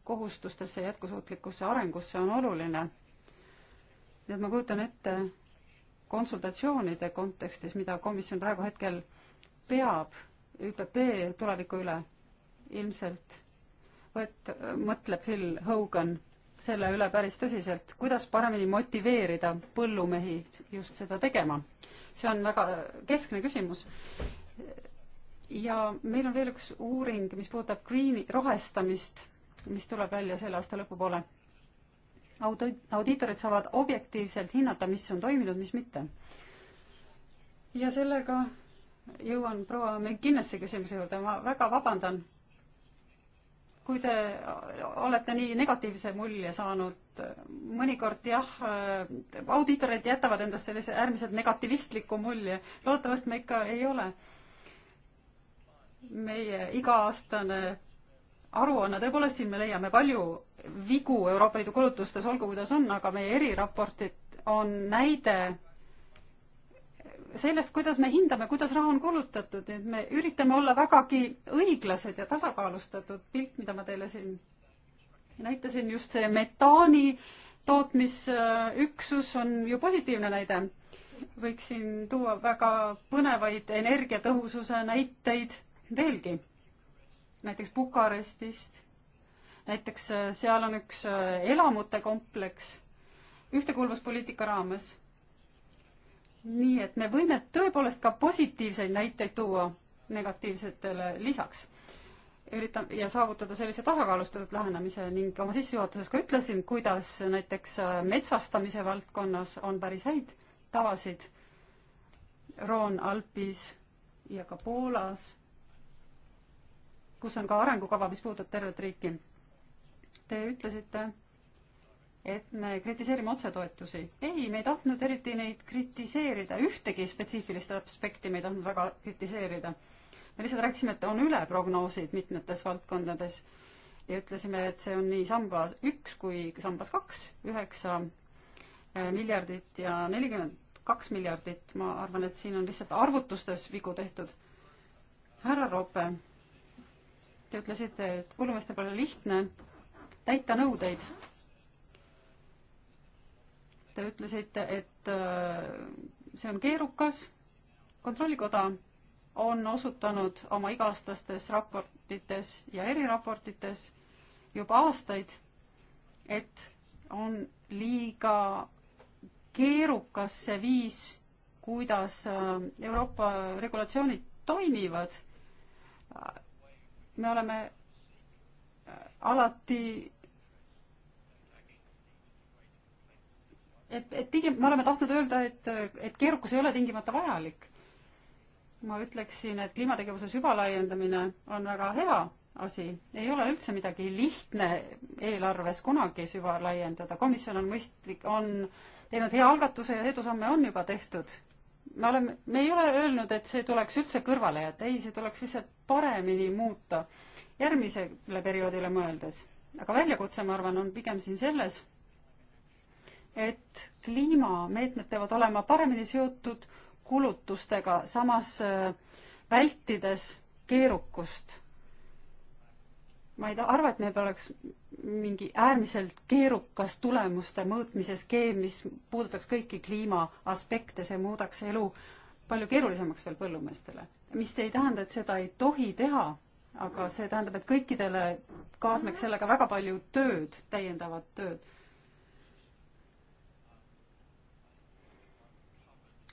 kohustustesse, jätkusuutlikkusse arengusse on oluline. nii et ma kujutan ette konsultatsioonide kontekstis, mida komisjon praegu hetkel peab ÜPP tuleviku üle ilmselt võt-, mõtleb Phil Hogan selle üle päris tõsiselt, kuidas paremini motiveerida põllumehi just seda tegema. see on väga keskne küsimus. ja meil on veel üks uuring, mis puudutab green'i, rohestamist, mis tuleb välja selle aasta lõpupoole. Auto-, audiitorid saavad objektiivselt hinnata, mis on toiminud, mis mitte. ja sellega jõuan proua McGinnese küsimuse juurde, ma väga vabandan kui te olete nii negatiivse mulje saanud, mõnikord jah, audiitorid jätavad endast sellise äärmiselt negativistliku mulje, loodetavasti me ikka ei ole. meie iga-aastane aruanne, tõepoolest siin me leiame palju vigu Euroopa Liidu kulutustes, olgu kuidas on, aga meie eriraportid on näide sellest, kuidas me hindame, kuidas raha on kulutatud, et me üritame olla vägagi õiglased ja tasakaalustatud pilt, mida ma teile siin näitasin, just see metaani tootmisüksus on ju positiivne näide. võiksin tuua väga põnevaid energiatõhususe näiteid veelgi, näiteks Bukarestist, näiteks äh, seal on üks äh, elamute kompleks ühtekuuluvuspoliitika raames nii et me võime tõepoolest ka positiivseid näiteid tuua negatiivsetele lisaks. üritan ja saavutada sellise tasakaalustatud lähenemise ning oma sissejuhatuses ka ütlesin, kuidas näiteks äh, metsastamise valdkonnas on päris häid tavasid Roon Alpis ja ka Poolas, kus on ka arengukava, mis puudutab tervet riiki. Te ütlesite et me kritiseerime otsetoetusi. ei, me ei tahtnud eriti neid kritiseerida, ühtegi spetsiifilist aspekti me ei tahtnud väga kritiseerida. me lihtsalt rääkisime, et on üleprognoosid mitmetes valdkondades ja ütlesime, et see on nii samba üks kui sambas kaks, üheksa äh, miljardit ja nelikümmend kaks miljardit, ma arvan, et siin on lihtsalt arvutustes vigu tehtud. härra Roope, te ütlesite, et põllumeestel pole lihtne täita nõudeid Te ütlesite, et äh, see on keerukas. kontrollikoda on osutanud oma iga-aastastes raportites ja eriraportites juba aastaid, et on liiga keerukas see viis, kuidas äh, Euroopa regulatsioonid toimivad. Äh, me oleme alati et, et pigem me oleme tahtnud öelda, et, et keerukus ei ole tingimata vajalik. ma ütleksin, et kliimategevuse süvalaiendamine on väga hea asi, ei ole üldse midagi lihtne eelarves kunagi süvalaiendada, komisjon on mõistlik, on teinud hea algatuse ja edusamme on juba tehtud. me oleme, me ei ole öelnud, et see tuleks üldse kõrvale jätta, ei, see tuleks lihtsalt paremini muuta järgmisele perioodile mõeldes. aga väljakutse, ma arvan, on pigem siin selles et kliimameetmed peavad olema paremini seotud kulutustega, samas äh, vältides keerukust. ma ei arva, et meil oleks mingi äärmiselt keerukas tulemuste mõõtmise skeem, mis puudutaks kõiki kliima aspekte, see muudaks elu palju keerulisemaks veel põllumeestele. mis ei tähenda, et seda ei tohi teha, aga see tähendab, et kõikidele kaasneks sellega väga palju tööd, täiendavat tööd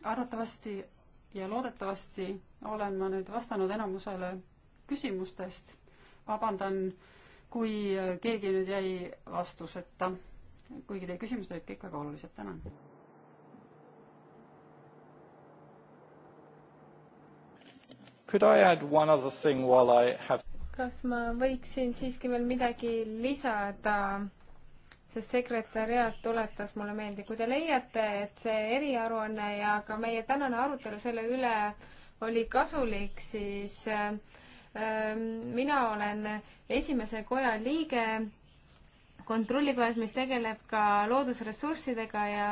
arvatavasti ja loodetavasti olen ma nüüd vastanud enamusele küsimustest. vabandan, kui keegi nüüd jäi vastuseta, kuigi teie küsimused olid kõik väga olulised, tänan. Could I add one other thing while I have kas ma võiksin siiski veel midagi lisada? sest sekretäriaat tuletas mulle meelde, kui te leiate, et see eriaruanne ja ka meie tänane arutelu selle üle oli kasulik, siis äh, mina olen esimese koja liige kontrollikojas, mis tegeleb ka loodusressurssidega ja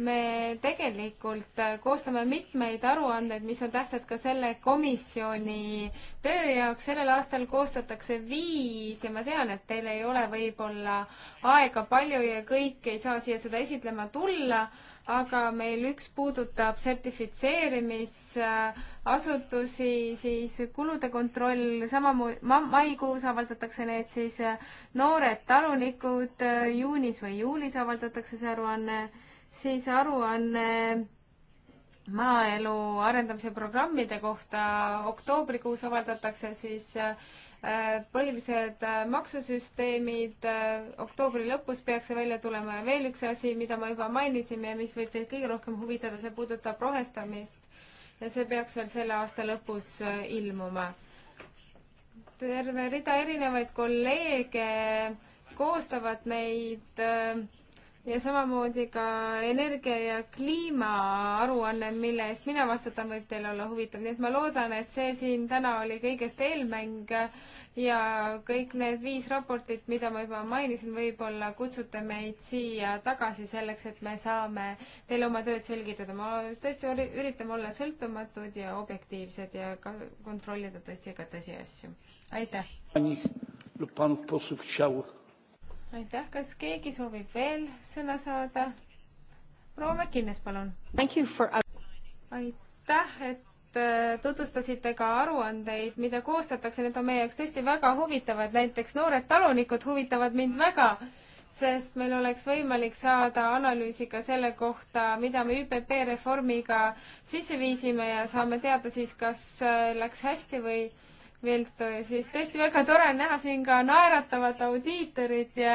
me tegelikult koostame mitmeid aruandeid, mis on tähtsad ka selle komisjoni töö jaoks. sellel aastal koostatakse viis ja ma tean, et teil ei ole võib-olla aega palju ja kõik ei saa siia seda esitlema tulla aga meil üks puudutab sertifitseerimisasutusi, siis kulude kontroll, samamoodi ma, maikuus avaldatakse need siis eh, noored talunikud, eh, juunis või juulis avaldatakse see aruanne, siis aruanne maaelu arendamise programmide kohta oktoobrikuus avaldatakse siis eh, Äh, põhilised äh, maksusüsteemid, äh, oktoobri lõpus peaks see välja tulema ja veel üks asi, mida ma juba mainisin ja mis võib teid kõige rohkem huvitada, see puudutab rohestamist ja see peaks veel selle aasta lõpus ilmuma. terve rida erinevaid kolleege koostavad neid äh, ja samamoodi ka energia ja kliima aruanne, mille eest mina vastutan, võib teil olla huvitav, nii et ma loodan, et see siin täna oli kõigest eelmäng ja kõik need viis raportit, mida ma juba mainisin, võib-olla kutsute meid siia tagasi selleks, et me saame teile oma tööd selgitada. ma tõesti üritan olla sõltumatud ja objektiivsed ja ka kontrollida tõesti ka tõsiasju. aitäh! aitäh, kas keegi soovib veel sõna saada? proua Mäkines, palun. For... aitäh, et äh, tutvustasite ka aruandeid, mida koostatakse, need on meie jaoks tõesti väga huvitavad, näiteks Noored talunikud huvitavad mind väga, sest meil oleks võimalik saada analüüsi ka selle kohta, mida me ÜPP reformiga sisse viisime ja saame teada siis, kas äh, läks hästi või Viltu, siis tõesti väga tore on näha siin ka naeratavat audiitorit ja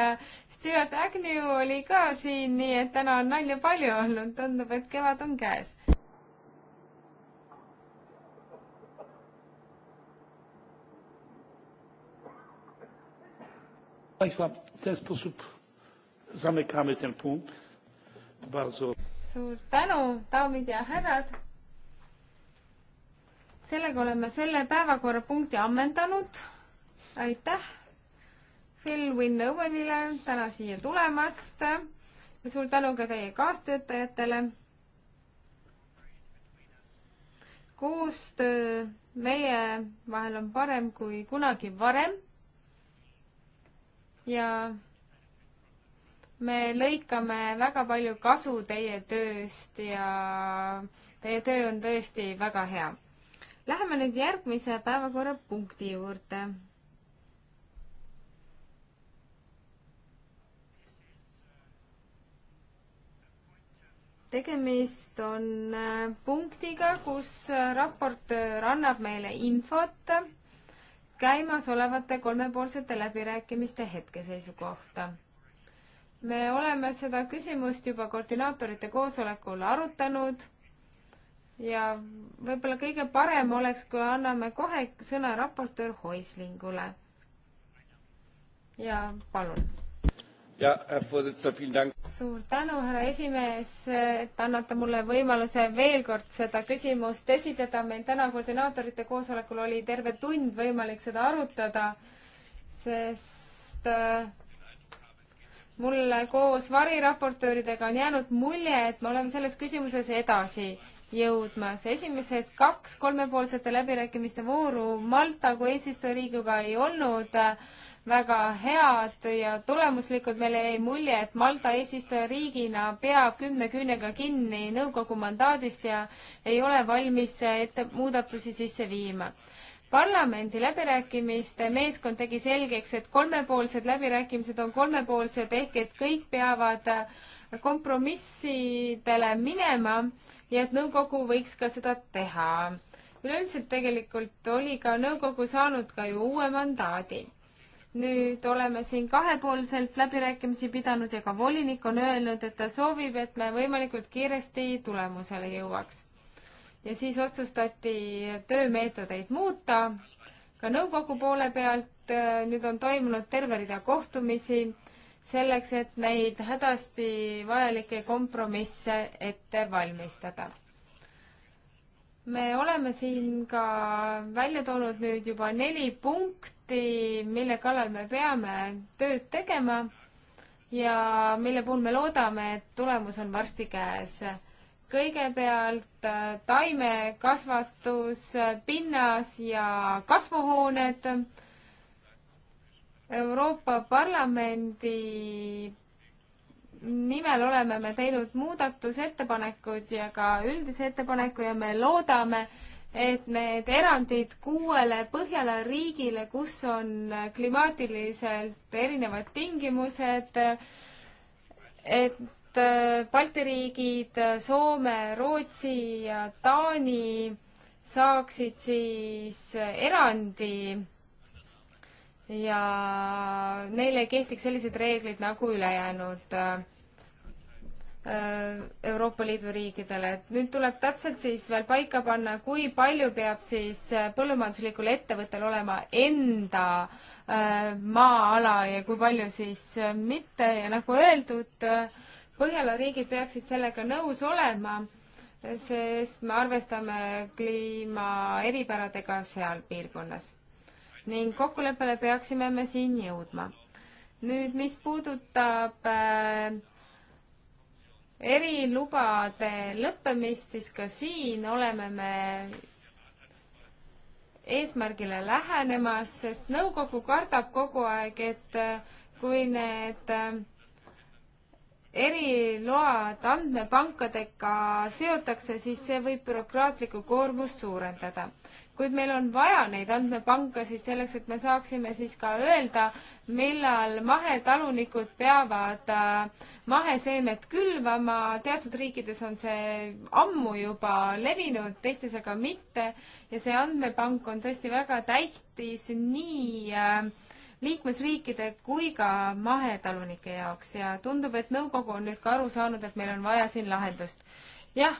Stewart Agnew oli ka siin, nii et täna on nalja palju olnud, tundub, et kevad on käes. suur tänu, daamid ja härrad sellega oleme selle päevakorrapunkti ammendanud. aitäh Phil Wynne Owenile täna siia tulemast ja suur tänu ka teie kaastöötajatele. koostöö meie vahel on parem kui kunagi varem. ja me lõikame väga palju kasu teie tööst ja teie töö on tõesti väga hea Läheme nüüd järgmise päevakorrapunkti juurde. tegemist on äh, punktiga, kus äh, raportöör annab meile infot käimasolevate kolmepoolsete läbirääkimiste hetkeseisu kohta me oleme seda küsimust juba koordinaatorite koosolekul arutanud ja võib-olla kõige parem oleks, kui anname kohe sõna raportöör Hoislingule. ja palun. suur tänu, härra esimees, et annate mulle võimaluse veel kord seda küsimust esitada. meil täna koordinaatorite koosolekul oli terve tund võimalik seda arutada, sest äh, mulle koos variraportööridega on jäänud mulje, et me oleme selles küsimuses edasi jõudmas. esimesed kaks kolmepoolsete läbirääkimiste vooru Malta kui eesistujariigiga ei olnud äh, väga head ja tulemuslikud. meile jäi mulje, et Malta eesistujariigina peab kümne küünega kinni nõukogu mandaadist ja ei ole valmis ette muudatusi sisse viima parlamendi läbirääkimiste meeskond tegi selgeks, et kolmepoolsed läbirääkimised on kolmepoolsed ehk et kõik peavad äh, kompromissidele minema ja et nõukogu võiks ka seda teha. üleüldiselt tegelikult oli ka nõukogu saanud ka ju uue mandaadi. nüüd oleme siin kahepoolselt läbirääkimisi pidanud ja ka volinik on öelnud, et ta soovib, et me võimalikult kiiresti tulemusele jõuaks. ja siis otsustati töömeetodeid muuta ka nõukogu poole pealt, nüüd on toimunud terve rida kohtumisi selleks, et neid hädasti vajalikke kompromisse ette valmistada. me oleme siin ka välja toonud nüüd juba neli punkti, mille kallal me peame tööd tegema ja mille puhul me loodame, et tulemus on varsti käes. kõigepealt äh, taimekasvatus, pinnas ja kasvuhooned Euroopa Parlamendi nimel oleme me teinud muudatusettepanekud ja ka üldise ettepaneku ja me loodame, et need erandid kuuele Põhjala riigile, kus on klimaatiliselt erinevad tingimused, et Balti riigid, Soome, Rootsi ja Taani saaksid siis erandi ja neile ei kehtiks sellised reeglid nagu ülejäänud äh, Euroopa Liidu riikidele, et nüüd tuleb täpselt siis veel paika panna, kui palju peab siis äh, põllumajanduslikul ettevõttel olema enda äh, maa-ala ja kui palju siis mitte ja nagu öeldud, Põhjala riigid peaksid sellega nõus olema, sest me arvestame kliima eripäradega seal piirkonnas ning kokkuleppele peaksime me siin jõudma. nüüd, mis puudutab äh, erilubade lõppemist, siis ka siin oleme me eesmärgile lähenemas, sest nõukogu kardab kogu aeg, et äh, kui need äh, eriload andmepankadega seotakse, siis see võib bürokraatlikku koormust suurendada kuid meil on vaja neid andmepankasid selleks, et me saaksime siis ka öelda, millal mahetalunikud peavad äh, maheseemet külvama, teatud riikides on see ammu juba levinud, teistes aga mitte ja see andmepank on tõesti väga tähtis nii äh, liikmesriikide kui ka mahetalunike jaoks ja tundub, et nõukogu on nüüd ka aru saanud, et meil on vaja siin lahendust. jah,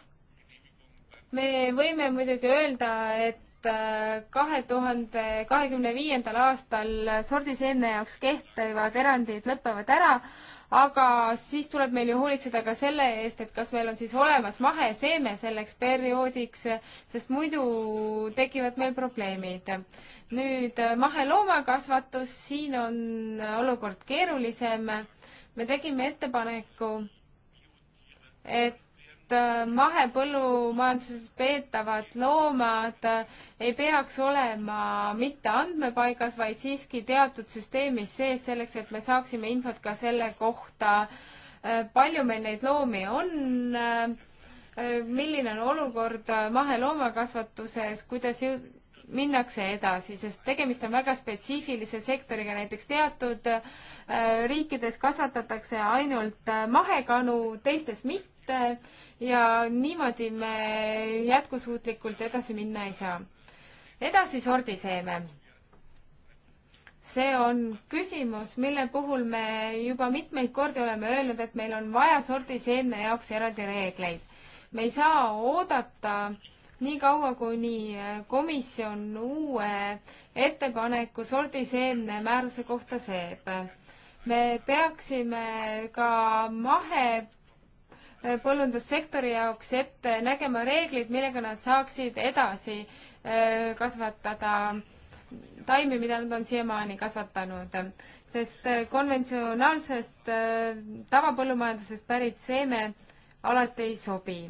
me võime muidugi öelda, et kahe tuhande kahekümne viiendal aastal sordiseemne jaoks kehtivad erandid lõpevad ära, aga siis tuleb meil ju hoolitseda ka selle eest, et kas meil on siis olemas maheseeme selleks perioodiks, sest muidu tekivad meil probleemid. nüüd maheloomakasvatus, siin on olukord keerulisem. me tegime ettepaneku, et Äh, mahepõllumajanduses peetavad loomad äh, ei peaks olema mitte andmepaigas, vaid siiski teatud süsteemis sees, selleks et me saaksime infot ka selle kohta, äh, palju meil neid loomi on, milline on olukord maheloomakasvatuses, kuidas jõud-, minnakse edasi, sest tegemist on väga spetsiifilise sektoriga, näiteks teatud riikides kasvatatakse ainult mahekanu, teistes mitte ja niimoodi me jätkusuutlikult edasi minna ei saa. edasi sordiseeme. see on küsimus, mille puhul me juba mitmeid kordi oleme öelnud, et meil on vaja sordiseemne jaoks eraldi reegleid. me ei saa oodata nii kaua, kuni komisjon uue ettepaneku sordiseemne määruse kohta seeb me peaksime ka mahe põllundussektori jaoks ette nägema reeglid, millega nad saaksid edasi äh, kasvatada taimi, mida nad on siiamaani kasvatanud, sest äh, konventsionaalsest äh, tavapõllumajandusest pärit seeme alati ei sobi.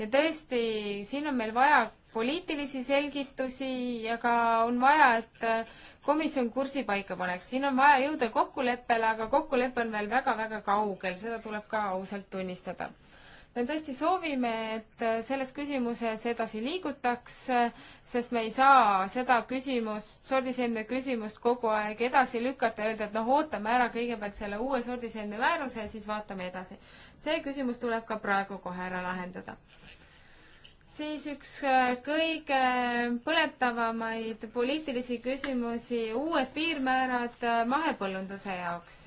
ja tõesti, siin on meil vaja poliitilisi selgitusi ja ka on vaja, et komisjon kursi paika paneks. siin on vaja jõuda kokkuleppele, aga kokkulepe on veel väga-väga kaugel, seda tuleb ka ausalt tunnistada me tõesti soovime, et selles küsimuses edasi liigutaks, sest me ei saa seda küsimust, sordiseemne küsimust kogu aeg edasi lükata ja öelda, et noh, ootame ära kõigepealt selle uue sordiseemne määruse ja siis vaatame edasi. see küsimus tuleb ka praegu kohe ära lahendada siis üks äh, kõige põletavamaid poliitilisi küsimusi, uued piirmäärad äh, mahepõllunduse jaoks.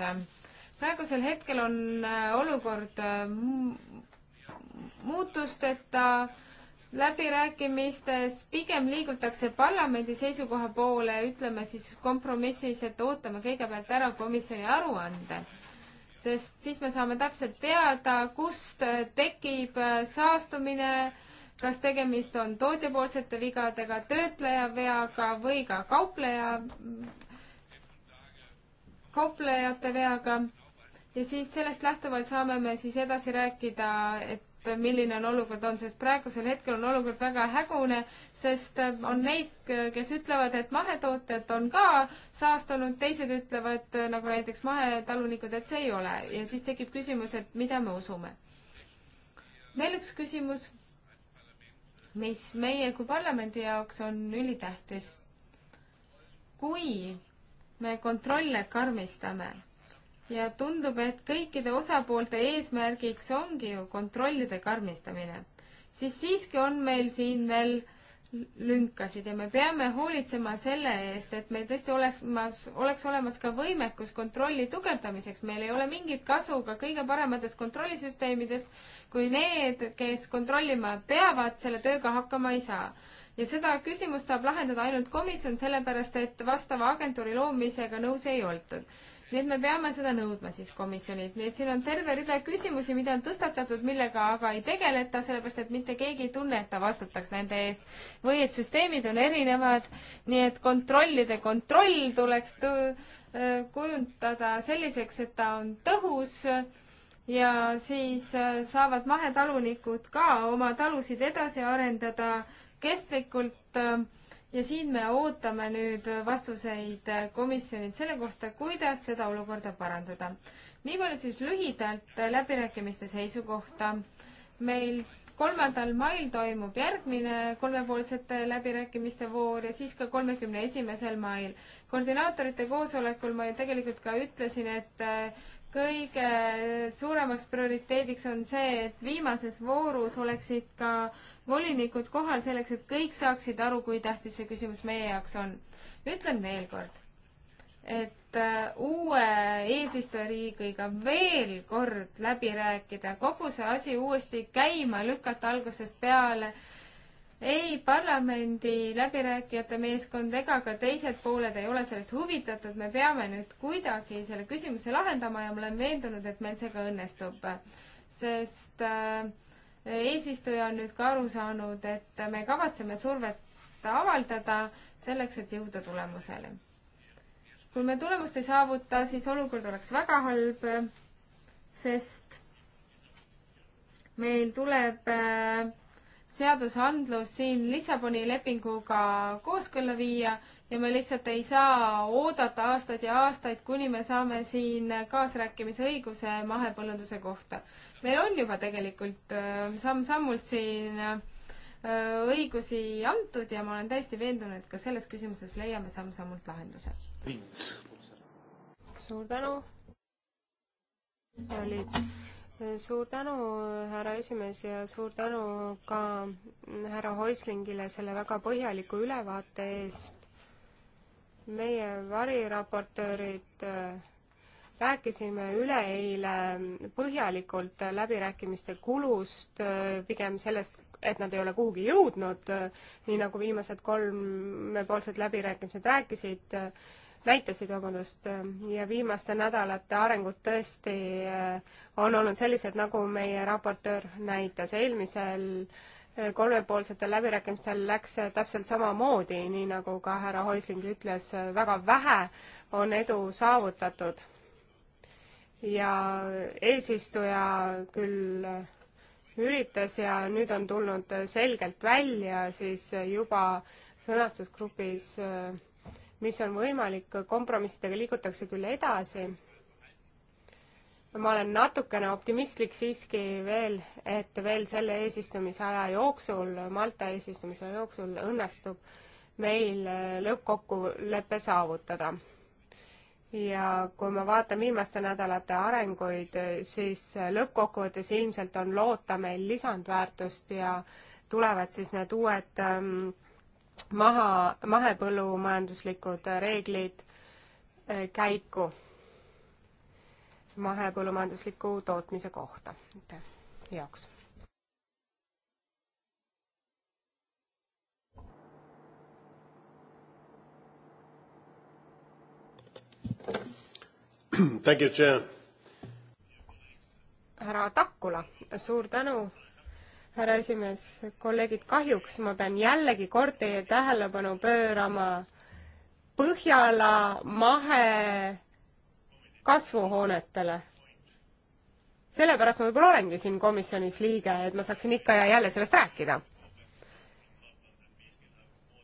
praegusel hetkel on äh, olukord muutusteta läbirääkimistes, pigem liigutakse parlamendi seisukoha poole, ütleme siis kompromissis, et ootame kõigepealt ära komisjoni aruande. sest siis me saame täpselt teada, kust tekib äh, saastumine, kas tegemist on tootjapoolsete vigadega, töötleja veaga või ka kaupleja, kauplejate veaga ja siis sellest lähtuvalt saame me siis edasi rääkida, et milline on olukord on, sest praegusel hetkel on olukord väga hägune, sest äh, on neid, kes ütlevad, et mahetooted on ka saastunud, teised ütlevad, äh, nagu näiteks mahetalunikud, et see ei ole ja siis tekib küsimus, et mida me usume. veel üks küsimus, mis meie kui parlamendi jaoks on ülitähtis. kui me kontrolle karmistame ja tundub, et kõikide osapoolte eesmärgiks ongi ju kontrollide karmistamine, siis siiski on meil siin veel lünkasid ja me peame hoolitsema selle eest, et meil tõesti oleks, oleks olemas ka võimekus kontrolli tugevdamiseks. meil ei ole mingit kasu ka kõige parematest kontrollisüsteemidest, kui need, kes kontrollima peavad, selle tööga hakkama ei saa. ja seda küsimust saab lahendada ainult komisjon, sellepärast et vastava agentuuri loomisega nõus ei oldud nii et me peame seda nõudma siis komisjonilt, nii et siin on terve rida küsimusi, mida on tõstatatud, millega aga ei tegeleta, sellepärast et mitte keegi ei tunne, et ta vastutaks nende eest. või et süsteemid on erinevad, nii et kontrollide kontroll tuleks äh, kujundada selliseks, et ta on tõhus ja siis äh, saavad mahetalunikud ka oma talusid edasi arendada kestlikult äh, ja siin me ootame nüüd vastuseid komisjonilt selle kohta, kuidas seda olukorda parandada. nii palju siis lühidalt läbirääkimiste seisukohta. meil kolmandal mail toimub järgmine kolmepoolsete läbirääkimiste voor ja siis ka kolmekümne esimesel mail. koordinaatorite koosolekul ma ju tegelikult ka ütlesin, et äh, kõige suuremaks prioriteediks on see, et viimases voorus oleksid ka äh, volinikud kohal selleks, et kõik saaksid aru, kui tähtis see küsimus meie jaoks on. ütlen veel kord, et äh, uue eesistujariigiga veel kord läbi rääkida, kogu see asi uuesti käima lükata algusest peale ei parlamendi läbirääkijate meeskond ega ka teised pooled ei ole sellest huvitatud, me peame nüüd kuidagi selle küsimuse lahendama ja ma olen veendunud, et meil see ka õnnestub. sest äh, eesistuja on nüüd ka aru saanud, et me kavatseme survet avaldada selleks, et jõuda tulemusele. kui me tulemust ei saavuta, siis olukord oleks väga halb, sest meil tuleb äh, seadusandlus siin Lissaboni lepinguga kooskõlla viia ja me lihtsalt ei saa oodata aastaid ja aastaid, kuni me saame siin kaasrääkimisõiguse mahepõllunduse kohta meil on juba tegelikult äh, samm-sammult siin äh, õigusi antud ja ma olen täiesti veendunud, et ka selles küsimuses leiame samm-sammult lahenduse. suur tänu. härra Liits, suur tänu, härra esimees ja suur tänu ka härra Hoislingile selle väga põhjaliku ülevaate eest. meie variraportöörid äh, rääkisime üleeile põhjalikult läbirääkimiste kulust, pigem sellest, et nad ei ole kuhugi jõudnud, nii nagu viimased kolmepoolsed läbirääkimised rääkisid, näitasid, vabandust, ja viimaste nädalate arengud tõesti eh, on olnud sellised, nagu meie raportöör näitas. eelmisel eh, kolmepoolsetel läbirääkimistel läks eh, täpselt samamoodi, nii nagu ka härra Häusling ütles, väga vähe on edu saavutatud ja eesistuja küll üritas ja nüüd on tulnud selgelt välja siis juba sõnastusgrupis, mis on võimalik, kompromissidega liigutakse küll edasi. ma olen natukene optimistlik siiski veel, et veel selle eesistumise aja jooksul, Malta eesistumise jooksul õnnestub meil lõppkokkulepe saavutada ja kui ma vaatan viimaste nädalate arenguid, siis lõppkokkuvõttes ilmselt on loota meil lisandväärtust ja tulevad siis need uued ähm, maha, mahepõllumajanduslikud reeglid äh, käiku mahepõllumajandusliku tootmise kohta jaoks härra Takula, suur tänu, härra esimees, kolleegid, kahjuks ma pean jällegi kord teie tähelepanu pöörama Põhjala mahe kasvuhoonetele. sellepärast ma võib-olla olengi siin komisjonis liige, et ma saaksin ikka ja jälle sellest rääkida.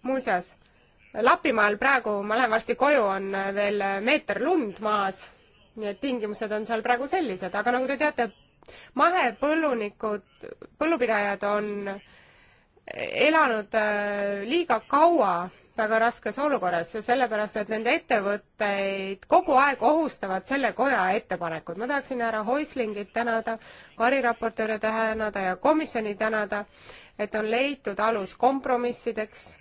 muuseas Lapimaal praegu, ma lähen varsti koju, on veel meeter lund maas, nii et tingimused on seal praegu sellised, aga nagu te teate, mahepõllunikud, põllupidajad on elanud äh, liiga kaua väga raskes olukorras ja sellepärast, et nende ettevõtteid kogu aeg ohustavad selle koja ettepanekud. ma tahaksin härra Hoislingit tänada, variraportööre tänada ja komisjoni tänada, et on leitud alus kompromissideks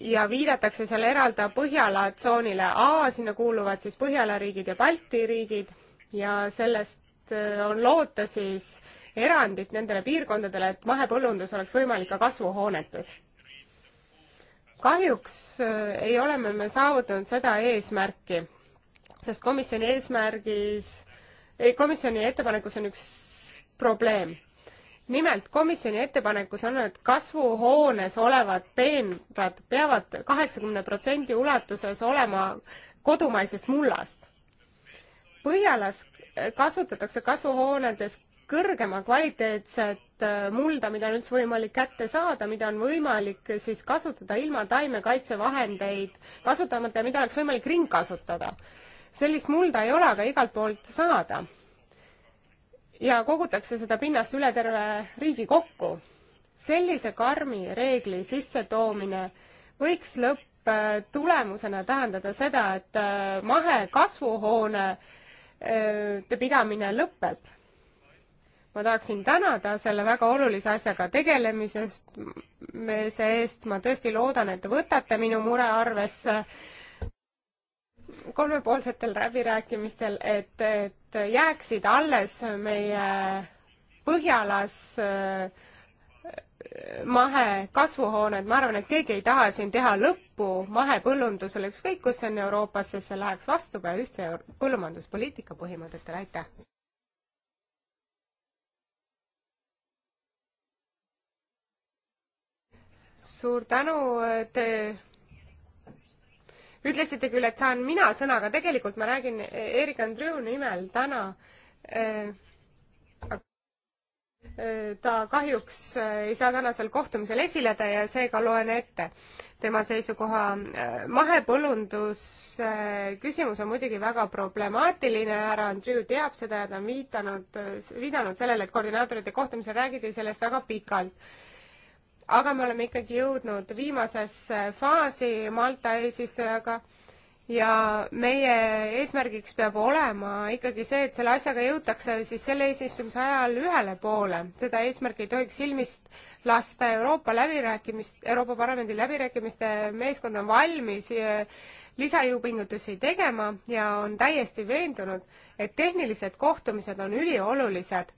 ja viidatakse seal eralda Põhjala tsoonile A, sinna kuuluvad siis Põhjala riigid ja Balti riigid ja sellest äh, on loota siis erandit nendele piirkondadele, et mahepõllundus oleks võimalik ka kasvuhoonetes. kahjuks äh, ei ole me, me saavutanud seda eesmärki, sest komisjoni eesmärgis, ei komisjoni ettepanekus on üks probleem nimelt komisjoni ettepanekus on, et kasvuhoones olevad peenrad peavad kaheksakümne protsendi ulatuses olema kodumaisest mullast. Põhjalas kasutatakse kasvuhoonedes kõrgema kvaliteetset äh, mulda, mida on üldse võimalik kätte saada, mida on võimalik äh, siis kasutada ilma taimekaitsevahendeid kasutamata ja mida oleks võimalik ringkasutada. sellist mulda ei ole aga igalt poolt saada ja kogutakse seda pinnast üle terve riigi kokku. sellise karmi reegli sissetoomine võiks lõpptulemusena tähendada seda, et äh, mahekasvuhoone äh, pidamine lõpeb. ma tahaksin tänada selle väga olulise asjaga tegelemisest, see eest ma tõesti loodan, et te võtate minu mure arvesse kolmepoolsetel läbirääkimistel, et, et jääksid alles meie Põhjalas äh, mahe kasvuhooned, ma arvan, et keegi ei taha siin teha lõppu mahepõllundusele, ükskõik kus see on Euroopas, sest see läheks vastupea ühtse põllumajanduspoliitika põhimõtetele, aitäh! suur tänu, äh, te ütlesite küll, et saan mina sõna, aga tegelikult ma räägin Erik Andreu nimel täna. Äh, äh, ta kahjuks äh, ei saa tänasel kohtumisel esileda ja seega loen ette tema seisukoha. mahepõllunduse küsimus on muidugi väga problemaatiline, härra Andreu teab seda ja ta on viitanud, viidanud sellele, et koordinaatorite kohtumisel räägiti sellest väga pikalt aga me oleme ikkagi jõudnud viimasesse faasi Malta eesistujaga ja meie eesmärgiks peab olema ikkagi see, et selle asjaga jõutakse siis selle eesistumise ajal ühele poole. seda eesmärki ei tohiks silmist lasta Euroopa läbirääkimist, Euroopa Parlamendi läbirääkimiste meeskond on valmis eh, lisajõupingutusi tegema ja on täiesti veendunud, et tehnilised kohtumised on üliolulised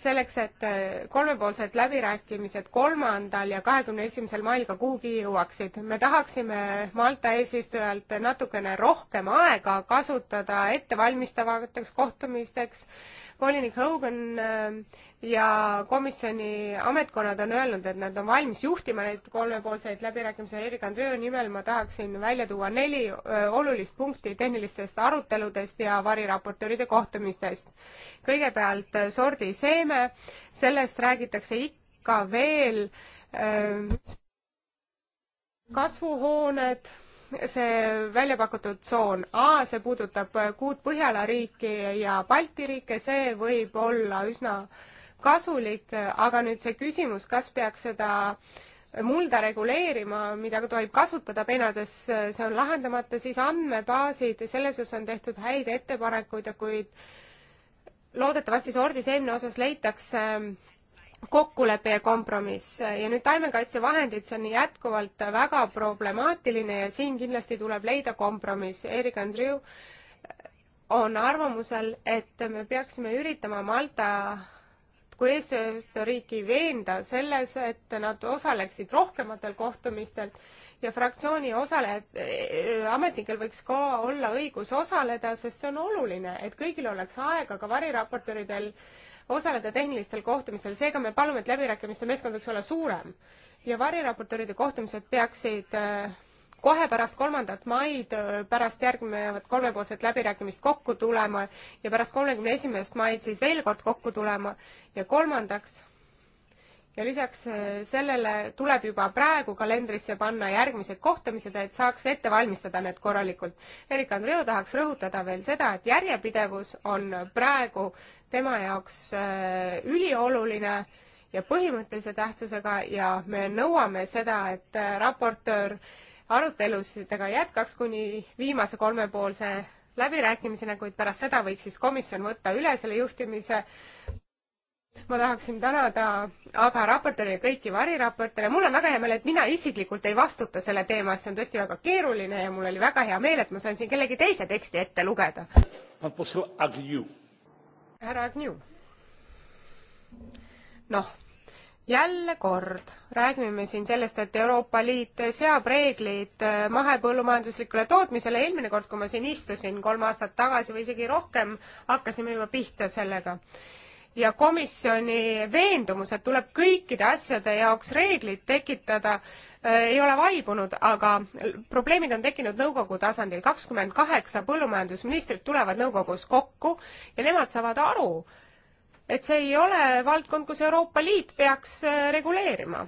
selleks, et äh, kolmepoolsed läbirääkimised kolmandal ja kahekümne esimesel mail ka kuhugi jõuaksid. me tahaksime Malta eesistujalt natukene rohkem aega kasutada ettevalmistavateks kohtumisteks, volinik Hogan äh, ja komisjoni ametkonnad on öelnud, et nad on valmis juhtima neid kolmepoolseid läbirääkimisi. Erik Andreu nimel ma tahaksin välja tuua neli äh, olulist punkti tehnilistest aruteludest ja variraportööride kohtumistest. kõigepealt äh, sordiseeme, sellest räägitakse ikka veel kasvuhooned see välja pakutud tsoon A, see puudutab kuut Põhjala riiki ja Balti riike, see võib olla üsna kasulik, aga nüüd see küsimus, kas peaks seda mulda reguleerima, mida tohib kasutada peenades, see on lahendamata, siis andmebaasid, selles osas on tehtud häid ettepanekuid ja kuid loodetavasti sordi seemne osas leitakse äh, kokkulepe ja kompromiss ja nüüd taimekaitsevahendid, see on jätkuvalt väga problemaatiline ja siin kindlasti tuleb leida kompromiss. Erik Andriu on arvamusel, et me peaksime üritama Malta kui eesistujariiki veenda selles, et nad osaleksid rohkematel kohtumistel ja fraktsiooni osalejad, ametnikel võiks ka olla õigus osaleda, sest see on oluline, et kõigil oleks aega, ka variraportööridel äh, osaleda tehnilistel kohtumistel, seega me palume, et läbirääkimiste meeskond võiks olla suurem ja variraportööride kohtumised peaksid äh, kohe pärast kolmandat maid, äh, pärast järgnevat kolmepoolset läbirääkimist kokku tulema ja pärast kolmekümne esimest maid siis veel kord kokku tulema ja kolmandaks ja lisaks äh, sellele tuleb juba praegu kalendrisse panna järgmised kohtumised, et saaks ette valmistada need korralikult. Erik Andreu tahaks rõhutada veel seda, et järjepidevus on praegu tema jaoks äh, ülioluline ja põhimõttelise tähtsusega ja me nõuame seda, et äh, raportöör arutelusidega jätkaks kuni viimase kolmepoolse läbirääkimiseni, kuid pärast seda võiks siis komisjon võtta üle selle juhtimise ma tahaksin tänada aga raportööri ja kõiki variraportööre, mul on väga hea meel, et mina isiklikult ei vastuta selle teema eest, see on tõesti väga keeruline ja mul oli väga hea meel, et ma sain siin kellegi teise teksti ette lugeda. härra Agniu. noh, jälle kord räägime siin sellest, et Euroopa Liit seab reeglid mahepõllumajanduslikule tootmisele, eelmine kord, kui ma siin istusin kolm aastat tagasi või isegi rohkem, hakkasime juba pihta sellega ja komisjoni veendumus, et tuleb kõikide asjade jaoks reeglid tekitada, äh, ei ole vaibunud, aga probleemid on tekkinud nõukogu tasandil. kakskümmend kaheksa põllumajandusministrit tulevad nõukogus kokku ja nemad saavad aru, et see ei ole valdkond, kus Euroopa Liit peaks äh, reguleerima.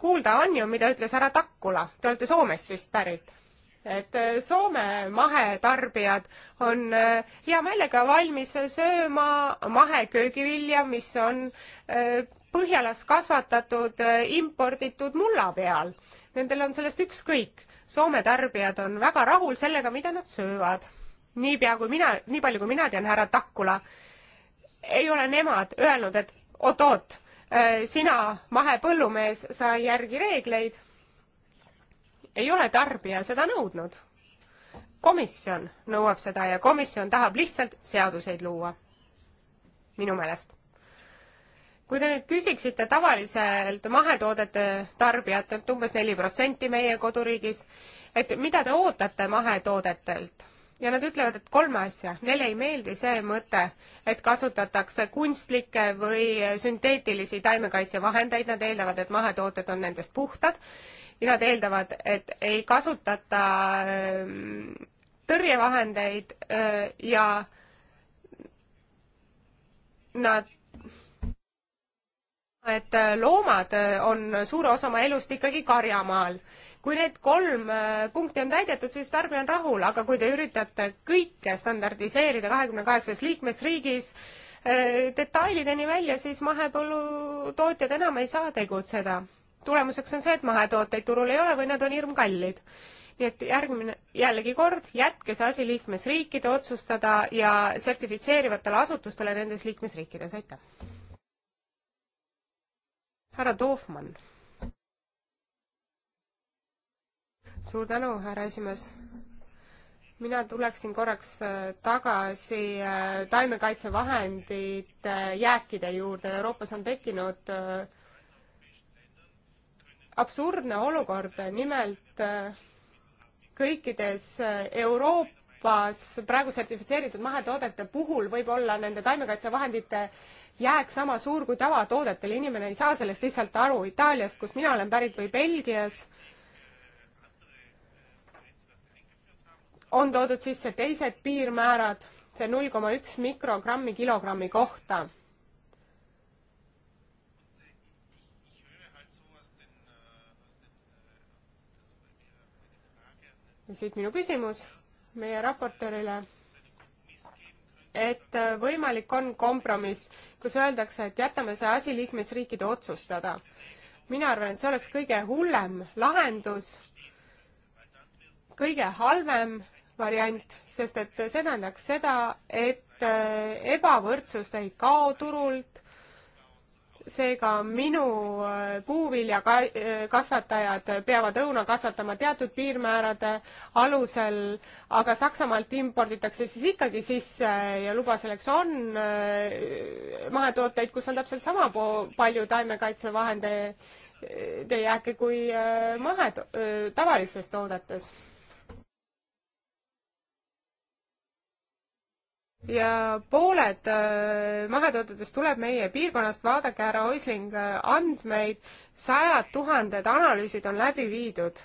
kuulda on ju, mida ütles härra Takkula, te olete Soomest vist pärit et äh, Soome mahetarbijad on äh, hea meelega valmis sööma maheköögivilja, mis on äh, Põhjalas kasvatatud imporditud mulla peal. Nendel on sellest ükskõik. Soome tarbijad on väga rahul sellega, mida nad söövad. niipea kui mina, nii palju kui mina tean, härra Takula, ei ole nemad öelnud, et oot-oot, sina mahepõllumees, sa ei järgi reegleid ei ole tarbija seda nõudnud. komisjon nõuab seda ja komisjon tahab lihtsalt seaduseid luua. minu meelest. kui te nüüd küsiksite tavaliselt mahetoodete tarbijatelt umbes neli protsenti meie koduriigis, et mida te ootate mahetoodetelt ja nad ütlevad, et kolme asja. Neile ei meeldi see mõte, et kasutatakse kunstlikke või sünteetilisi taimekaitsevahendeid, nad eeldavad, et mahetooted on nendest puhtad ja nad eeldavad, et ei kasutata ähm, tõrjevahendeid äh, ja nad et äh, loomad äh, on suure osa oma elust ikkagi karjamaal kui need kolm äh, punkti on täidetud, siis tarbija on rahul, aga kui te üritate kõike standardiseerida kahekümne kaheksas liikmesriigis, äh, detailideni välja, siis mahepõllutootjad enam ei saa tegutseda. tulemuseks on see, et mahetooteid turul ei ole või nad on hirmkallid nii et järgmine, jällegi kord, jätke see asi liikmesriikide otsustada ja sertifitseerivatele asutustele nendes liikmesriikides, aitäh. härra Toofmann suur tänu, härra esimees. mina tuleksin korraks äh, tagasi äh, taimekaitsevahendite äh, jääkide juurde. Euroopas on tekkinud absurdne olukord, nimelt kõikides Euroopas praegu sertifitseeritud mahetoodete puhul võib olla nende taimekaitsevahendite jääk sama suur kui tavatoodetel, inimene ei saa sellest lihtsalt aru. Itaaliast, kust mina olen pärit, või Belgias on toodud sisse teised piirmäärad, see null koma üks mikrogrammi kilogrammi kohta. ja siit minu küsimus meie raportöörile, et võimalik on kompromiss, kus öeldakse, et jätame see asi liikmesriikide otsustada. mina arvan, et see oleks kõige hullem lahendus, kõige halvem variant, sest et see tähendaks seda, et äh, ebavõrdsust ei kao turult, seega minu äh, puuviljakasvatajad äh, peavad õuna kasvatama teatud piirmäärade alusel, aga Saksamaalt imporditakse siis ikkagi sisse ja luba selleks on mahetooteid, kus on täpselt sama palju taimekaitsevahendeid jääke kui mahe tavalistes toodetes ja pooled äh, mahetootjatest tuleb meie piirkonnast, vaadake härra Oisling äh, andmeid, sajad tuhanded analüüsid on läbi viidud.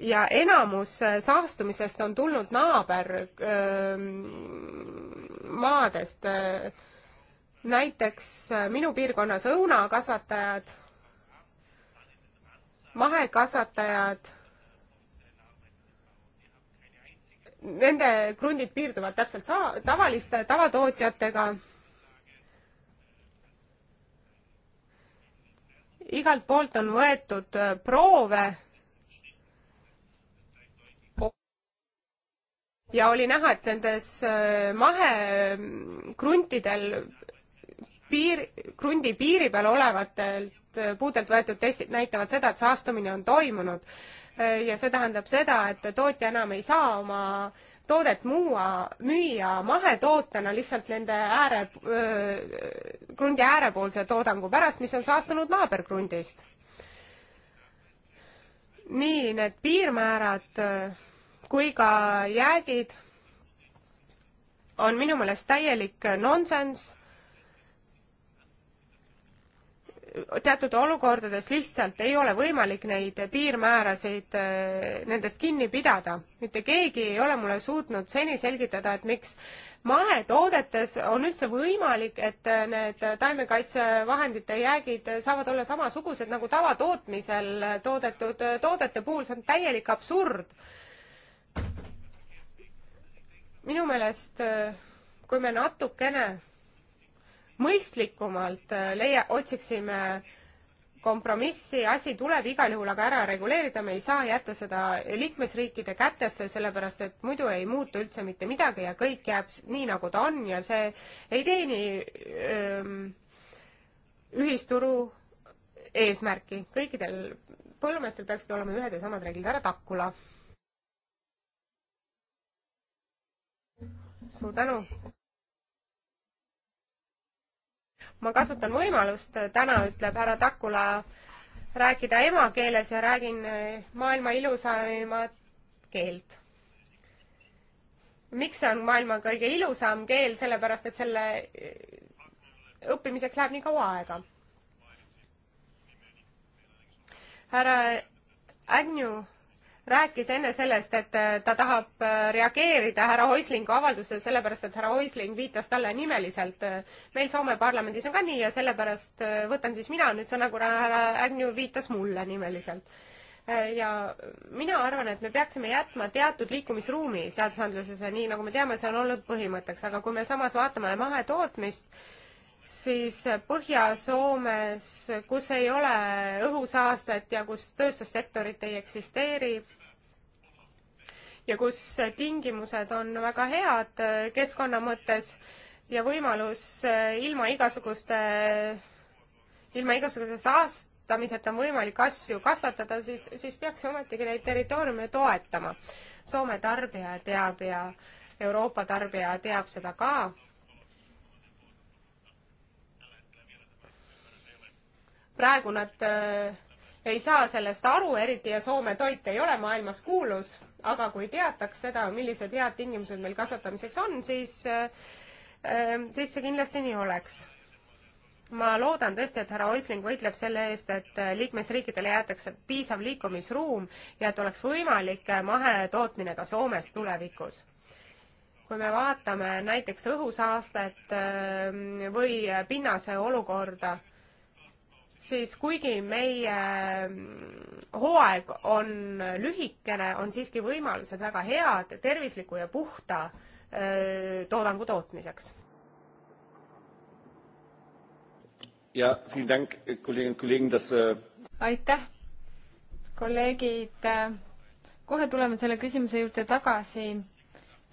ja enamus äh, saastumisest on tulnud naabermaadest. Ähm, äh, näiteks äh, minu piirkonnas õunakasvatajad, mahekasvatajad nende krundid piirduvad täpselt saa-, tavaliste tavatootjatega. igalt poolt on võetud äh, proove ja oli näha, et nendes äh, mahekruntidel piir, krundi piiri peal olevatelt äh, puudelt võetud testid näitavad seda, et saastumine on toimunud Äh, ja see tähendab seda, et tootja enam ei saa oma toodet muua, müüa mahetootena lihtsalt nende ääre, äh, krundi äärepoolse toodangu pärast, mis on saastunud naaberkrundist. nii, need piirmäärad äh, kui ka jäägid on minu meelest täielik nonsenss teatud olukordades lihtsalt ei ole võimalik neid piirmäärasid, äh, nendest kinni pidada. mitte keegi ei ole mulle suutnud seni selgitada, et miks mahetoodetes on üldse võimalik, et äh, need taimekaitsevahendite jäägid saavad olla samasugused nagu tavatootmisel toodetud äh, toodete puhul, see on täielik absurd. minu meelest, kui me natukene mõistlikumalt äh, leia, otsiksime kompromissi, asi tuleb igal juhul aga ära reguleerida, me ei saa jätta seda liikmesriikide kätesse, sellepärast et muidu ei muutu üldse mitte midagi ja kõik jääb nii, nagu ta on ja see ei teeni ühisturu eesmärki. kõikidel põllumeestel peaksid olema ühed ja samad reeglid, härra Takula. suur tänu ma kasutan võimalust täna, ütleb härra Takula, rääkida emakeeles ja räägin eh, maailma ilusaimat keelt. miks see on maailma kõige ilusam keel, sellepärast et selle eh, õppimiseks läheb nii kaua aega. härra Agnew rääkis enne sellest, et äh, ta tahab äh, reageerida härra Oislingu avaldusele, sellepärast et härra Oisling viitas talle nimeliselt. Äh, meil Soome parlamendis on ka nii ja sellepärast võtan siis mina nüüd sõna, nagu kuna härra Agnew viitas mulle nimeliselt. ja mina arvan, et me peaksime jätma teatud liikumisruumi seadusandluses ja nii nagu me teame, see on olnud põhimõtteks, aga kui me samas vaatame mahetootmist, siis Põhja-Soomes, kus ei ole õhusaastet ja kus tööstussektorit ei eksisteeri ja kus tingimused on väga head keskkonna mõttes ja võimalus ilma igasuguste, ilma igasuguse saastamiseta on võimalik asju kasvatada, siis, siis peaks ju ometigi neid territooriume toetama. Soome tarbija teab ja Euroopa tarbija teab seda ka praegu nad äh, ei saa sellest aru eriti ja Soome toit ei ole maailmas kuulus, aga kui teataks seda, millised head tingimused meil kasvatamiseks on, siis, äh, äh, siis see kindlasti nii oleks. ma loodan tõesti, et härra Oisling võitleb selle eest, et liikmesriikidele jäetakse piisav liikumisruum ja et oleks võimalik mahetootmine ka Soomes tulevikus kui me vaatame näiteks õhusaastet või pinnase olukorda, siis kuigi meie mm, hooaeg on lühikene, on siiski võimalused väga head tervisliku ja puhta toodangu tootmiseks. ja, äh, aitäh, kolleegid. Äh, kohe tuleme selle küsimuse juurde tagasi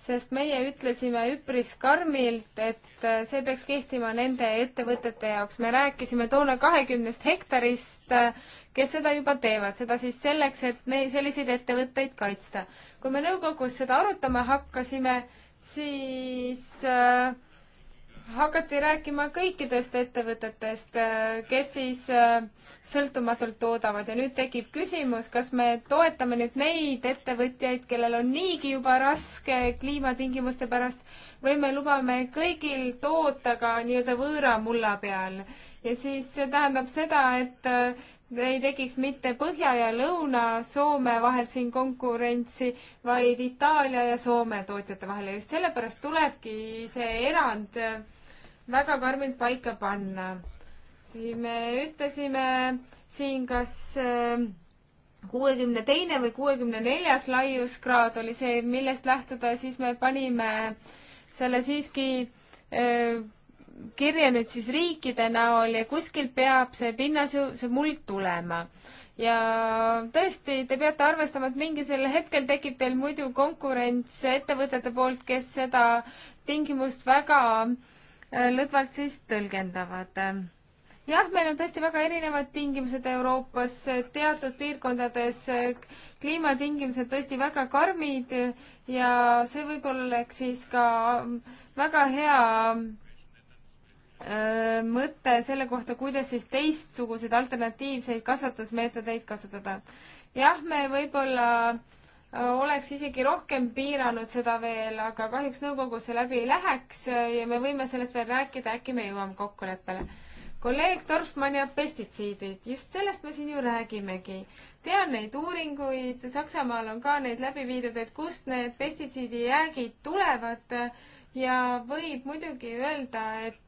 sest meie ütlesime üpris karmilt, et äh, see peaks kehtima nende ettevõtete jaoks. me rääkisime toona kahekümnest hektarist, äh, kes seda juba teevad, seda siis selleks, et me selliseid ettevõtteid kaitsta. kui me nõukogus seda arutama hakkasime, siis äh, hakati rääkima kõikidest ettevõtetest, kes siis äh, sõltumatult toodavad ja nüüd tekib küsimus, kas me toetame nüüd neid ettevõtjaid, kellel on niigi juba raske kliimatingimuste pärast või me lubame kõigil toota ka nii-öelda võõra mulla peal. ja siis see tähendab seda, et äh, ei tekiks mitte Põhja ja Lõuna-Soome vahel siin konkurentsi, vaid Itaalia ja Soome tootjate vahel ja just sellepärast tulebki see erand äh, väga karmilt paika panna. me ütlesime siin, kas äh, kuuekümne teine või kuuekümne neljas laiuskraad oli see, millest lähtuda, siis me panime selle siiski äh, kirja nüüd siis riikide näol ja kuskilt peab see pinnas ju see muld tulema. ja tõesti, te peate arvestama, et mingisel hetkel tekib teil muidu konkurents ettevõtete poolt, kes seda tingimust väga äh, lõdvalt siis tõlgendavad. jah, meil on tõesti väga erinevad tingimused Euroopas, teatud piirkondades kliimatingimused tõesti väga karmid ja see võib-olla oleks siis ka väga hea äh, mõte selle kohta, kuidas siis teistsuguseid alternatiivseid kasvatusmeetodeid kasutada. jah, me võib-olla äh, oleks isegi rohkem piiranud seda veel, aga kahjuks nõukogu see läbi ei läheks ja me võime sellest veel rääkida, äkki me jõuame kokkuleppele. kolleeg Dorfmann ja pestitsiidid, just sellest me siin ju räägimegi. tean neid uuringuid, Saksamaal on ka neid läbi viidud, et kust need pestitsiidijäägid tulevad ja võib muidugi öelda, et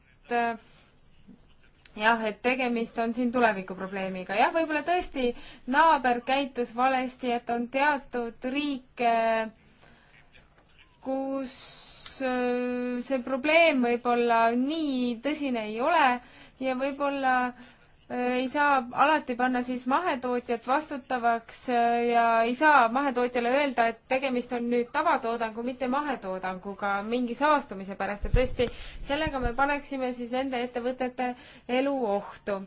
jah, et tegemist on siin tulevikuprobleemiga, jah, võib-olla tõesti naaber käitus valesti, et on teatud riike, kus äh, see probleem võib-olla nii tõsine ei ole ja võib-olla äh, Äh, ei saa alati panna siis mahetootjat vastutavaks äh, ja ei saa mahetootjale öelda, et tegemist on nüüd tavatoodangu, mitte mahetoodanguga mingi saastumise pärast ja tõesti, sellega me paneksime siis nende ettevõtete elu ohtu.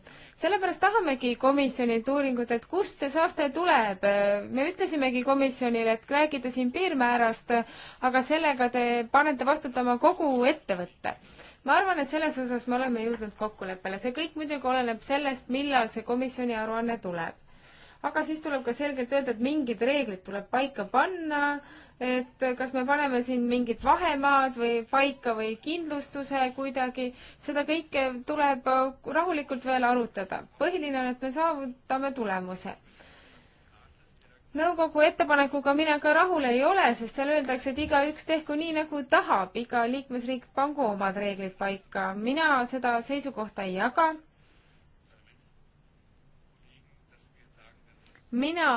sellepärast tahamegi komisjonilt uuringut, et kust see saaste tuleb. Äh, me ütlesimegi komisjonile, et räägite siin piirmäärast, aga sellega te panete vastutama kogu ettevõtte ma arvan, et selles osas me oleme jõudnud kokkuleppele, see kõik muidugi oleneb sellest, millal see komisjoni aruanne tuleb. aga siis tuleb ka selgelt öelda, et mingid reeglid tuleb paika panna, et kas me paneme siin mingid vahemaad või paika või kindlustuse kuidagi, seda kõike tuleb rahulikult veel arutada. põhiline on, et me saavutame tulemuse nõukogu ettepanekuga mina ka rahul ei ole, sest seal öeldakse, et igaüks tehku nii, nagu tahab, iga liikmesriik pangu omad reeglid paika. mina seda seisukohta ei jaga. mina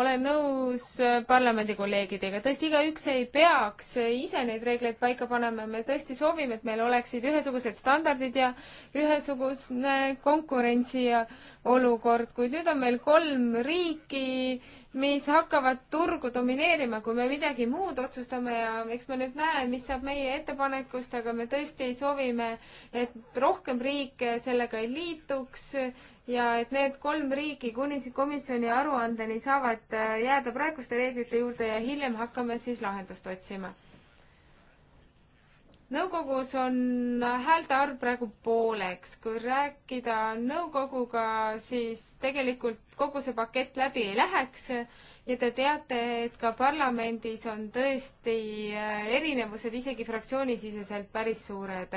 olen nõus parlamendi kolleegidega, tõesti, igaüks ei peaks ise neid reegleid paika panema, me tõesti soovime, et meil oleksid ühesugused standardid ja ühesugune konkurentsi ja olukord, kuid nüüd on meil kolm riiki mis hakkavad turgu domineerima, kui me midagi muud otsustame ja eks me nüüd näe, mis saab meie ettepanekust, aga me tõesti soovime, et rohkem riike sellega ei liituks ja et need kolm riiki kuni komisjoni aruandeni saavad äh, jääda praeguste reeglite juurde ja hiljem hakkame siis lahendust otsima nõukogus on häälte arv praegu pooleks, kui rääkida nõukoguga, siis tegelikult kogu see pakett läbi ei läheks ja te teate, et ka parlamendis on tõesti äh, erinevused isegi fraktsioonisiseselt päris suured.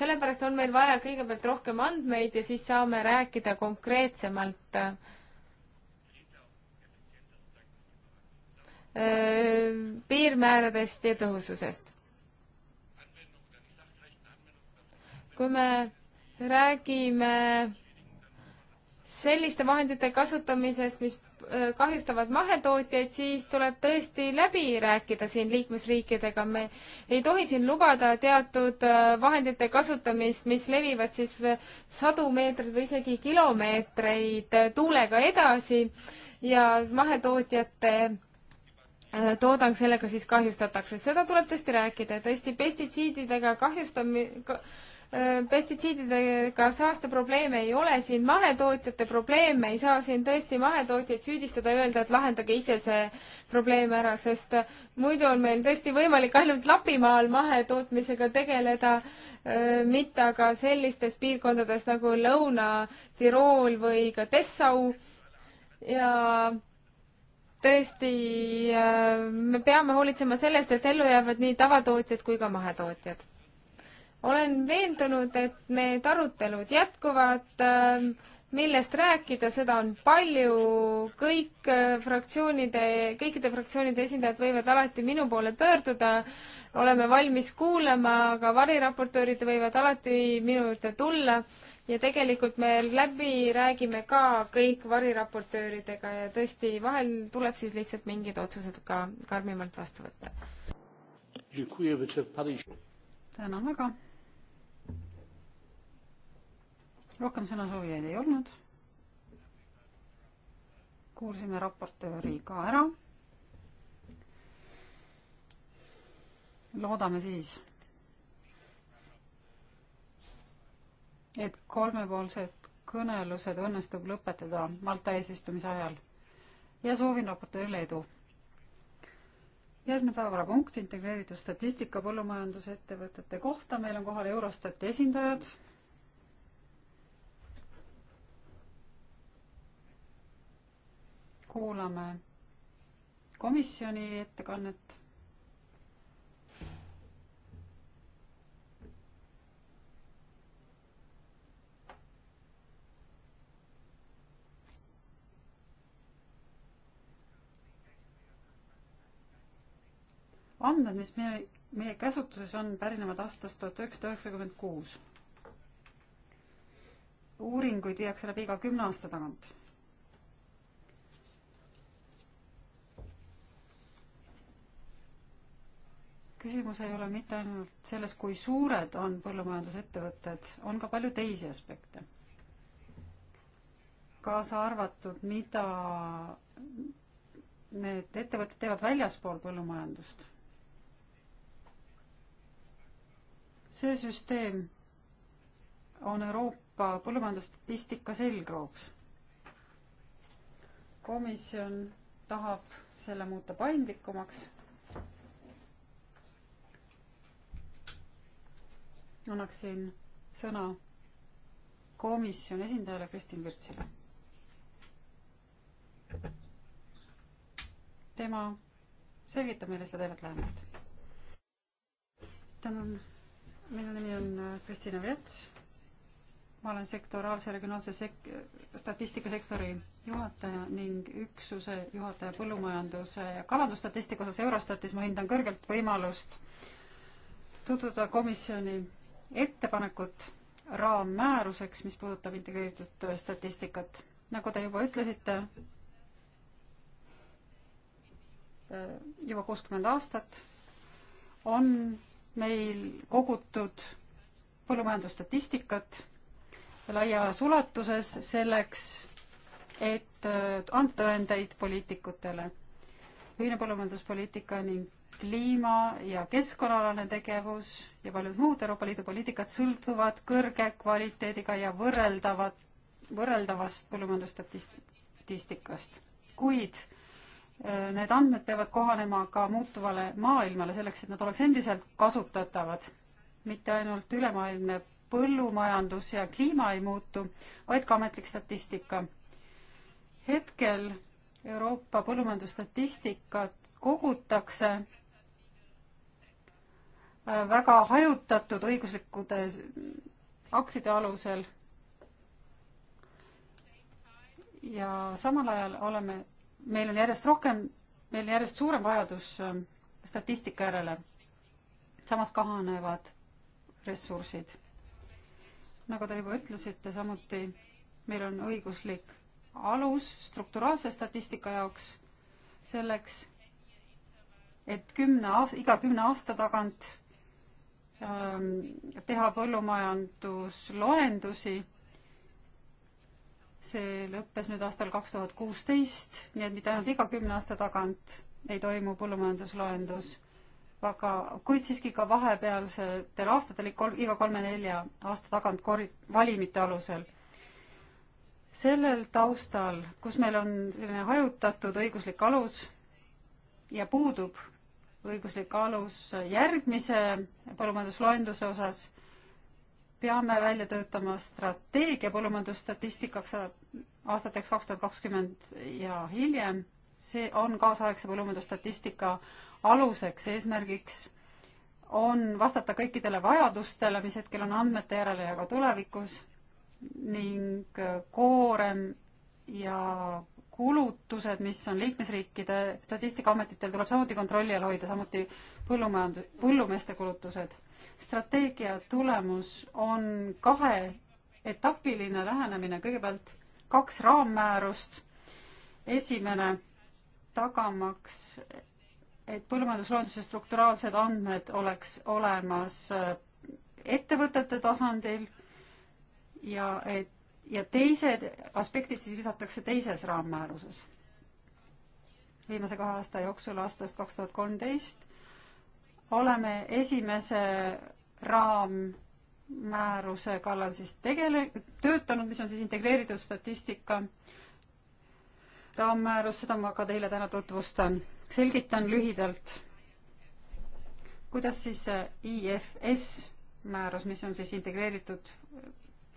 sellepärast on meil vaja kõigepealt rohkem andmeid ja siis saame rääkida konkreetsemalt äh, piirmääradest ja tõhususest kui me räägime selliste vahendite kasutamisest, mis äh, kahjustavad mahetootjaid, siis tuleb tõesti läbi rääkida siin liikmesriikidega. me ei tohi siin lubada teatud äh, vahendite kasutamist, mis levivad siis äh, sadu meetreid või isegi kilomeetreid tuulega edasi ja mahetootjate toodang sellega siis kahjustatakse. seda tuleb tõesti rääkida ja tõesti pestitsiididega kahjustami- ka,, Äh, pestitsiididega saasteprobleeme ei ole siin, mahetootjate probleeme ei saa siin tõesti mahetootjaid süüdistada ja öelda, et lahendage ise see probleem ära, sest äh, muidu on meil tõesti võimalik ainult Lapimaal mahetootmisega tegeleda, äh, mitte aga sellistes piirkondades nagu Lõuna-Tirool või ka Dessau ja tõesti, me peame hoolitsema sellest, et ellu jäävad nii tavatootjad kui ka mahetootjad olen veendunud, et need arutelud jätkuvad, ähm, millest rääkida, seda on palju, kõik äh, fraktsioonide, kõikide fraktsioonide esindajad võivad alati minu poole pöörduda, oleme valmis kuulama, aga variraportöörid võivad alati minu juurde tulla ja tegelikult me läbi räägime ka kõik variraportööridega ja tõesti, vahel tuleb siis lihtsalt mingid otsused ka karmimalt vastu võtta. tänan väga. rohkem sõnasoovijaid ei olnud. kuulsime raportööri ka ära. loodame siis, et kolmepoolsed kõnelused õnnestub lõpetada Malta eesistumise ajal ja soovin raportöörile edu. järgmine päevakorrapunkt, integreeritud statistika põllumajandusettevõtete kohta, meil on kohal Eurostati esindajad kuulame komisjoni ettekannet. andmed, mis meie, meie käsutuses on, pärinevad aastast tuhat üheksasada üheksakümmend kuus. uuringuid viiakse läbi iga kümne aasta tagant küsimus ei ole mitte ainult selles, kui suured on põllumajandusettevõtted, on ka palju teisi aspekte. kaasa arvatud, mida need ettevõtted teevad väljaspool põllumajandust. see süsteem on Euroopa põllumajandusstatistika selgrooks. komisjon tahab selle muuta paindlikumaks annaksin sõna komisjoni esindajale Kristin Virtsile. tema selgitab meile seda teemat lähemalt. tänan, minu nimi on äh, Kristina Virts. ma olen sektoraalse regionaalse sek-, statistikasektori juhataja ning üksuse juhataja põllumajanduse ja kalandusstatistika osas Eurostatis. ma hindan kõrgelt võimalust tutvuda komisjoni ettepanekut raammääruseks, mis puudutab integreeritud statistikat. nagu te juba ütlesite, juba kuuskümmend aastat on meil kogutud põllumajandusstatistikat laias ulatuses selleks, et anda tõendeid poliitikutele. ühine põllumajanduspoliitika ning kliima- ja keskkonnaalane tegevus ja paljud muud Euroopa Liidu poliitikad sõltuvad kõrge kvaliteediga ja võrreldavat, võrreldavast põllumajandusstatistikast. kuid äh, need andmed peavad kohanema ka muutuvale maailmale selleks, et nad oleks endiselt kasutatavad. mitte ainult ülemaailmne põllumajandus ja kliima ei muutu, vaid ka ametlik statistika. hetkel Euroopa põllumajandusstatistikat kogutakse Äh, väga hajutatud õiguslikude aktide alusel. ja samal ajal oleme, meil on järjest rohkem, meil järjest suurem vajadus ähm, statistika järele. samas kahanevad ressursid. nagu te juba ütlesite, samuti meil on õiguslik alus strukturaalse statistika jaoks selleks, et kümne aasta, iga kümne aasta tagant Ähm, teha põllumajandusloendusi. see lõppes nüüd aastal kaks tuhat kuusteist, nii et mitte ainult iga kümne aasta tagant ei toimu põllumajandusloendus, aga kuid siiski ka vahepealsetel aastatel kol, iga kolme-nelja aasta tagant kor-, valimite alusel. sellel taustal, kus meil on selline hajutatud õiguslik alus ja puudub õiguslik alus järgmise põllumajandusloenduse osas. peame välja töötama strateegia põllumajandusstatistikaks aastateks kaks tuhat kakskümmend ja hiljem. see on kaasaegse põllumajandusstatistika aluseks, eesmärgiks on vastata kõikidele vajadustele, mis hetkel on andmete järele ja ka tulevikus ning koorem ja kulutused, mis on liikmesriikide statistikaametitel, tuleb samuti kontrolli all hoida, samuti põllumajand-, põllumeeste kulutused. strateegia tulemus on kaheetapiline lähenemine, kõigepealt kaks raammäärust, esimene tagamaks, et põllumajandusloenduse strukturaalsed andmed oleks olemas äh, ettevõtete tasandil ja et ja teised aspektid siis lisatakse teises raammääruses. viimase kahe aasta jooksul, aastast kaks tuhat kolmteist, oleme esimese raammääruse kallal siis tegele-, töötanud, mis on siis integreeritud statistika raammäärus, seda ma ka teile täna tutvustan. selgitan lühidalt, kuidas siis see IFS määrus, mis on siis integreeritud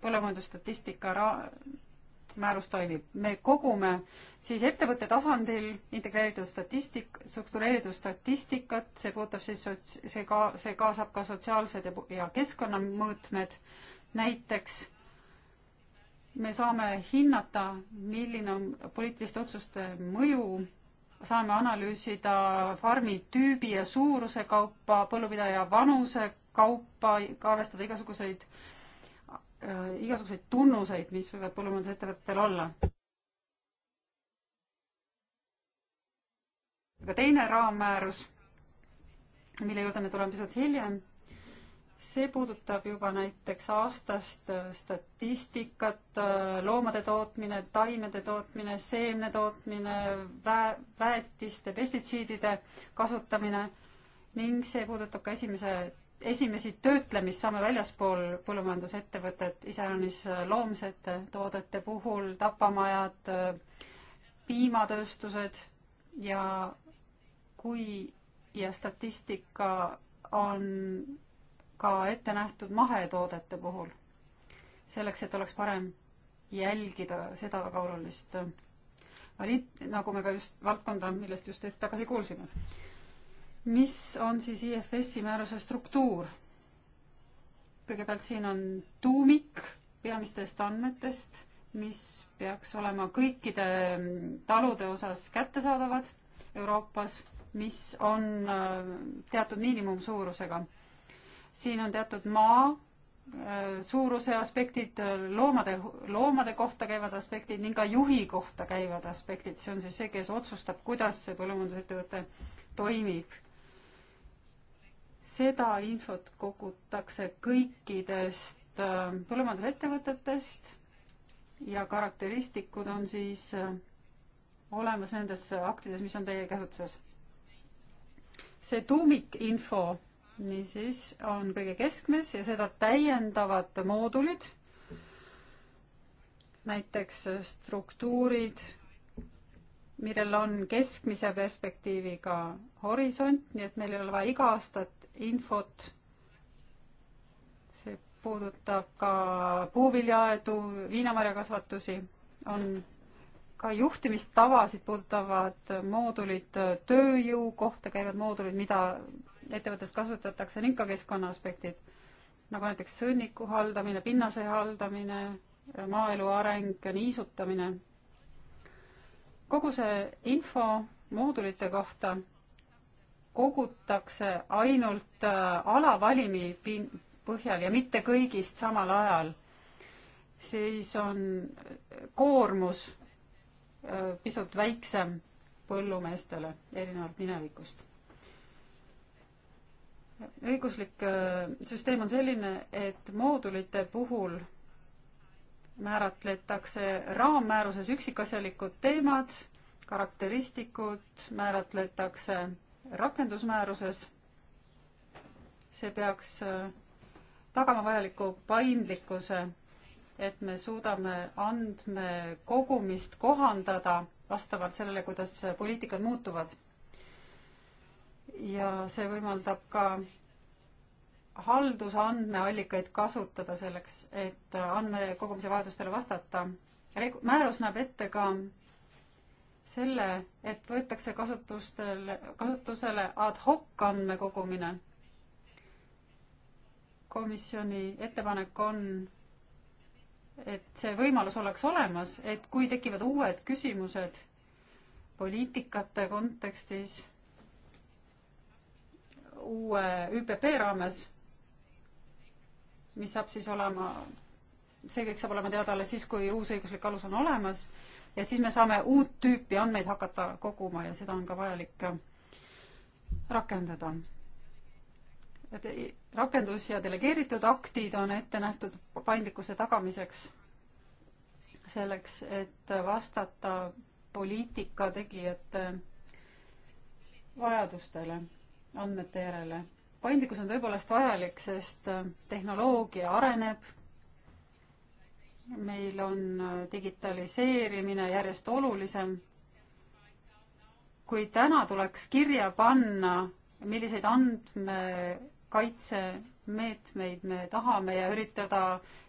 põllumajandusstatistika ra-, määrus toimib. me kogume siis ettevõtte tasandil integreeritud statistik-, struktureeritud statistikat, see puudutab siis sots-, see ka-, see kaasab ka sotsiaalsed ja, ja keskkonnamõõtmed, näiteks me saame hinnata, milline on poliitiliste otsuste mõju, saame analüüsida farmi tüübi ja suuruse kaupa, põllupidaja vanuse kaupa, arvestada igasuguseid äh, Äh, igasuguseid tunnuseid, mis võivad põllumajandusettevõtetel olla. ka teine raammäärus, mille juurde me tuleme pisut hiljem, see puudutab juba näiteks aastast äh, statistikat, äh, loomade tootmine, taimede tootmine, seemne tootmine, väe, väetiste, pestitsiidide kasutamine ning see puudutab ka esimese esimesi töötlemissamme väljaspool põllumajandusettevõtet, iseäranis äh, loomsete äh, toodete puhul, tapamajad, äh, piimatööstused ja kui ja statistika on ka ette nähtud mahetoodete puhul, selleks, et oleks parem jälgida seda väga olulist valit-, nagu me ka just valdkonda, millest just hetk tagasi kuulsime mis on siis IFS-i määruse struktuur? kõigepealt siin on tuumik peamistest andmetest, mis peaks olema kõikide talude osas kättesaadavad Euroopas, mis on äh, teatud miinimumsuurusega. siin on teatud maa äh, suuruse aspektid, äh, loomade, loomade kohta käivad aspektid ning ka juhi kohta käivad aspektid, see on siis see, kes otsustab, kuidas see põllumajandusettevõte toimib seda infot kogutakse kõikidest äh, põllumajandusettevõtetest ja karakteristikud on siis äh, olemas nendes aktides, mis on teie käsutuses. see tuumikinfo niisiis on kõige keskmes ja seda täiendavad moodulid, näiteks struktuurid millel on keskmise perspektiiviga horisont, nii et meil ei ole vaja iga aastat infot. see puudutab ka puuviljaaedu, viinamarjakasvatusi, on ka juhtimistavasid puudutavad moodulid, tööjõu kohta käivad moodulid, mida ettevõttes kasutatakse ning ka keskkonna aspektid, nagu näiteks sõnniku haldamine, pinnase haldamine, maaelu areng, niisutamine kogu see info moodulite kohta kogutakse ainult äh, alavalimi põhjal ja mitte kõigist samal ajal, siis on äh, koormus äh, pisut väiksem põllumeestele erinevalt minevikust. õiguslik süsteem on selline, et moodulite puhul määratletakse raammääruses üksikasjalikud teemad, karakteristikud määratletakse rakendusmääruses. see peaks äh, tagama vajaliku paindlikkuse, et me suudame andmekogumist kohandada vastavalt sellele, kuidas poliitikad muutuvad. ja see võimaldab ka haldusandmeallikaid kasutada selleks, et andmekogumise vajadustele vastata. määrus näeb ette ka selle, et võetakse kasutustel, kasutusele ad hoc andmekogumine. komisjoni ettepanek on, et see võimalus oleks olemas, et kui tekivad uued küsimused poliitikate kontekstis, uue ÜPP raames mis saab siis olema, see kõik saab olema teada alles siis, kui uus õiguslik alus on olemas ja siis me saame uut tüüpi andmeid hakata koguma ja seda on ka vajalik äh, rakendada. Äh, rakendus ja delegeeritud aktid on ette nähtud paindlikkuse tagamiseks, selleks, et vastata poliitika tegijate vajadustele andmete järele paindlikkus on tõepoolest vajalik, sest äh, tehnoloogia areneb, meil on äh, digitaliseerimine järjest olulisem. kui täna tuleks kirja panna, milliseid andmekaitsemeetmeid me tahame ja üritada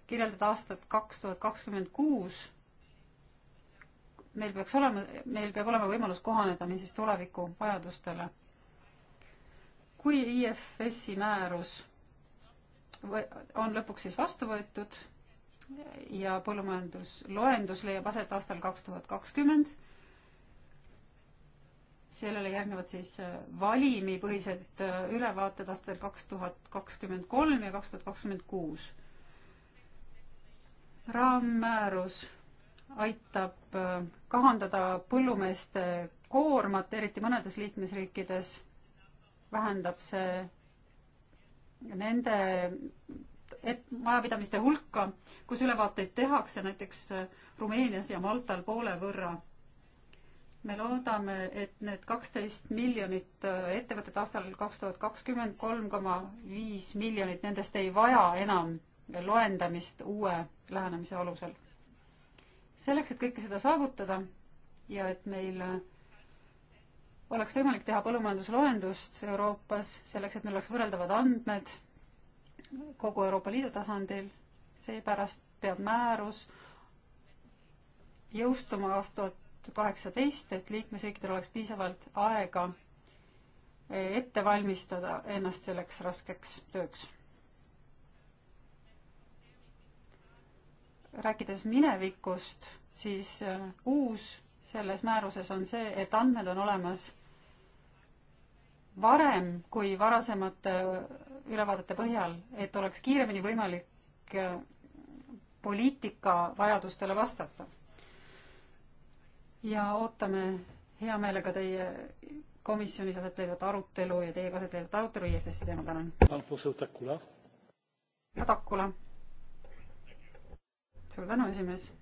kirjeldada aastat kaks tuhat kakskümmend kuus, meil peaks olema, meil peab olema võimalus kohaneda niisiis tuleviku vajadustele kui IFS-i määrus on lõpuks siis vastu võetud ja põllumajandusloendus leiab aset aastal kaks tuhat kakskümmend, sellele järgnevad siis äh, valimipõhised äh, ülevaated aastatel kaks tuhat kakskümmend kolm ja kaks tuhat kakskümmend kuus. raammäärus aitab äh, kahandada põllumeeste koormat, eriti mõnedes liikmesriikides vähendab see nende et majapidamiste hulka, kus ülevaateid tehakse näiteks äh, Rumeenias ja Maltal poole võrra. me loodame, et need kaksteist miljonit äh, ettevõtet aastal kaks tuhat kakskümmend, kolm koma viis miljonit nendest ei vaja enam loendamist uue lähenemise alusel. selleks, et kõike seda saavutada ja et meil äh, oleks võimalik teha põllumajandusloendust Euroopas selleks, et meil oleks võrreldavad andmed kogu Euroopa Liidu tasandil, seepärast peab määrus jõustuma aasta tuhat kaheksateist, et liikmesriikidel oleks piisavalt aega ette valmistada ennast selleks raskeks tööks. rääkides minevikust, siis äh, uus selles määruses on see, et andmed on olemas varem kui varasemate ülevaadete põhjal, et oleks kiiremini võimalik äh, poliitika vajadustele vastata. ja ootame hea meelega teie komisjonis aset leidvat arutelu ja teiega aset leidvat arutelu IFS-i teemal, tänan. Takula. suur tänu, esimees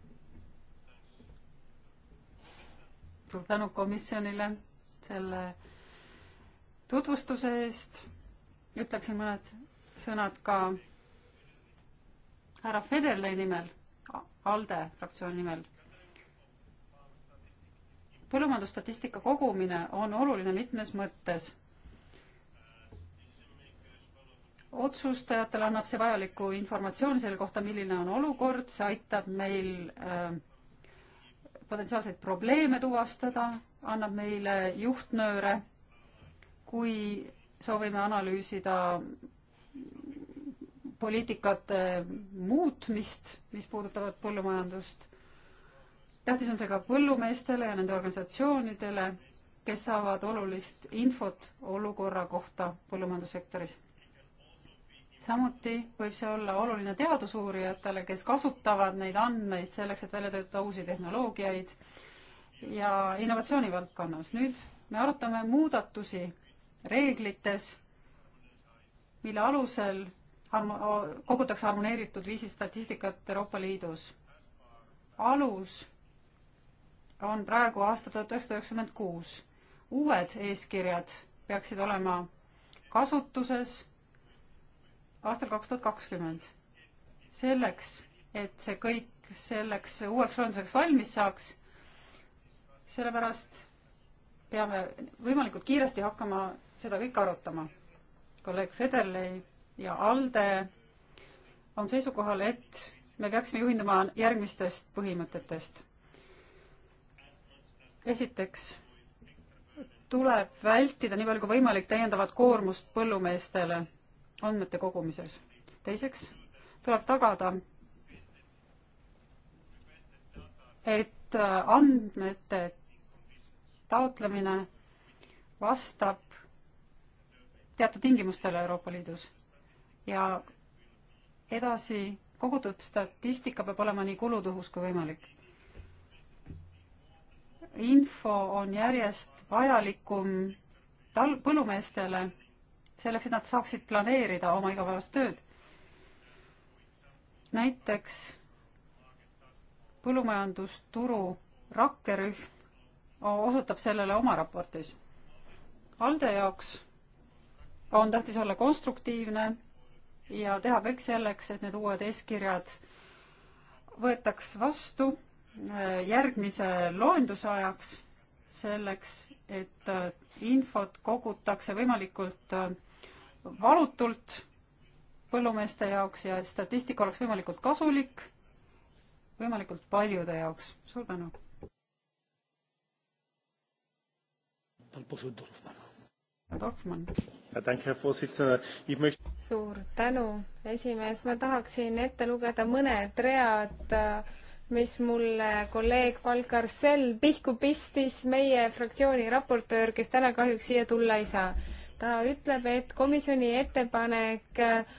suur tänu komisjonile selle tutvustuse eest. ütleksin mõned sõnad ka härra Federle nimel, ALDE fraktsiooni nimel. põllumajandusstatistika kogumine on oluline mitmes mõttes. otsustajatele annab see vajalikku informatsiooni selle kohta, milline on olukord, see aitab meil äh, potentsiaalseid probleeme tuvastada, annab meile juhtnööre, kui soovime analüüsida poliitikate muutmist, mis puudutavad põllumajandust. tähtis on see ka põllumeestele ja nende organisatsioonidele, kes saavad olulist infot olukorra kohta põllumajandussektoris samuti võib see olla oluline teadusuurijatele, kes kasutavad neid andmeid selleks, et välja töötada uusi tehnoloogiaid ja innovatsiooni valdkonnas. nüüd me arutame muudatusi reeglites, mille alusel kogutakse harmoneeritud viisil statistikat Euroopa Liidus. alus on praegu aasta tuhat üheksasada üheksakümmend kuus. uued eeskirjad peaksid olema kasutuses aastal kaks tuhat kakskümmend. selleks, et see kõik selleks uueks lahenduseks valmis saaks, sellepärast peame võimalikult kiiresti hakkama seda kõike arutama. kolleeg Federley ja Alde on seisukohal, et me peaksime juhinduma järgmistest põhimõtetest. esiteks tuleb vältida nii palju kui võimalik täiendavat koormust põllumeestele andmete kogumises. teiseks tuleb tagada, et äh, andmete taotlemine vastab teatud tingimustele Euroopa Liidus ja edasi kogutud statistika peab olema nii kulutõhus kui võimalik. info on järjest vajalikum tal-, põllumeestele selleks, et nad saaksid planeerida oma igapäevast tööd. näiteks põllumajandusturu rakkerühm osutab sellele oma raportis. ALDE jaoks on tähtis olla konstruktiivne ja teha kõik selleks, et need uued eeskirjad võetaks vastu äh, järgmise loenduse ajaks, selleks et äh, infot kogutakse võimalikult äh, valutult põllumeeste jaoks ja et statistika oleks võimalikult kasulik võimalikult paljude jaoks. suur tänu. suur tänu, esimees, ma tahaksin ette lugeda mõned read, mis mulle kolleeg Valkar Sell pihku pistis, meie fraktsiooni raportöör, kes täna kahjuks siia tulla ei saa ta ütleb, et komisjoni ettepanek äh,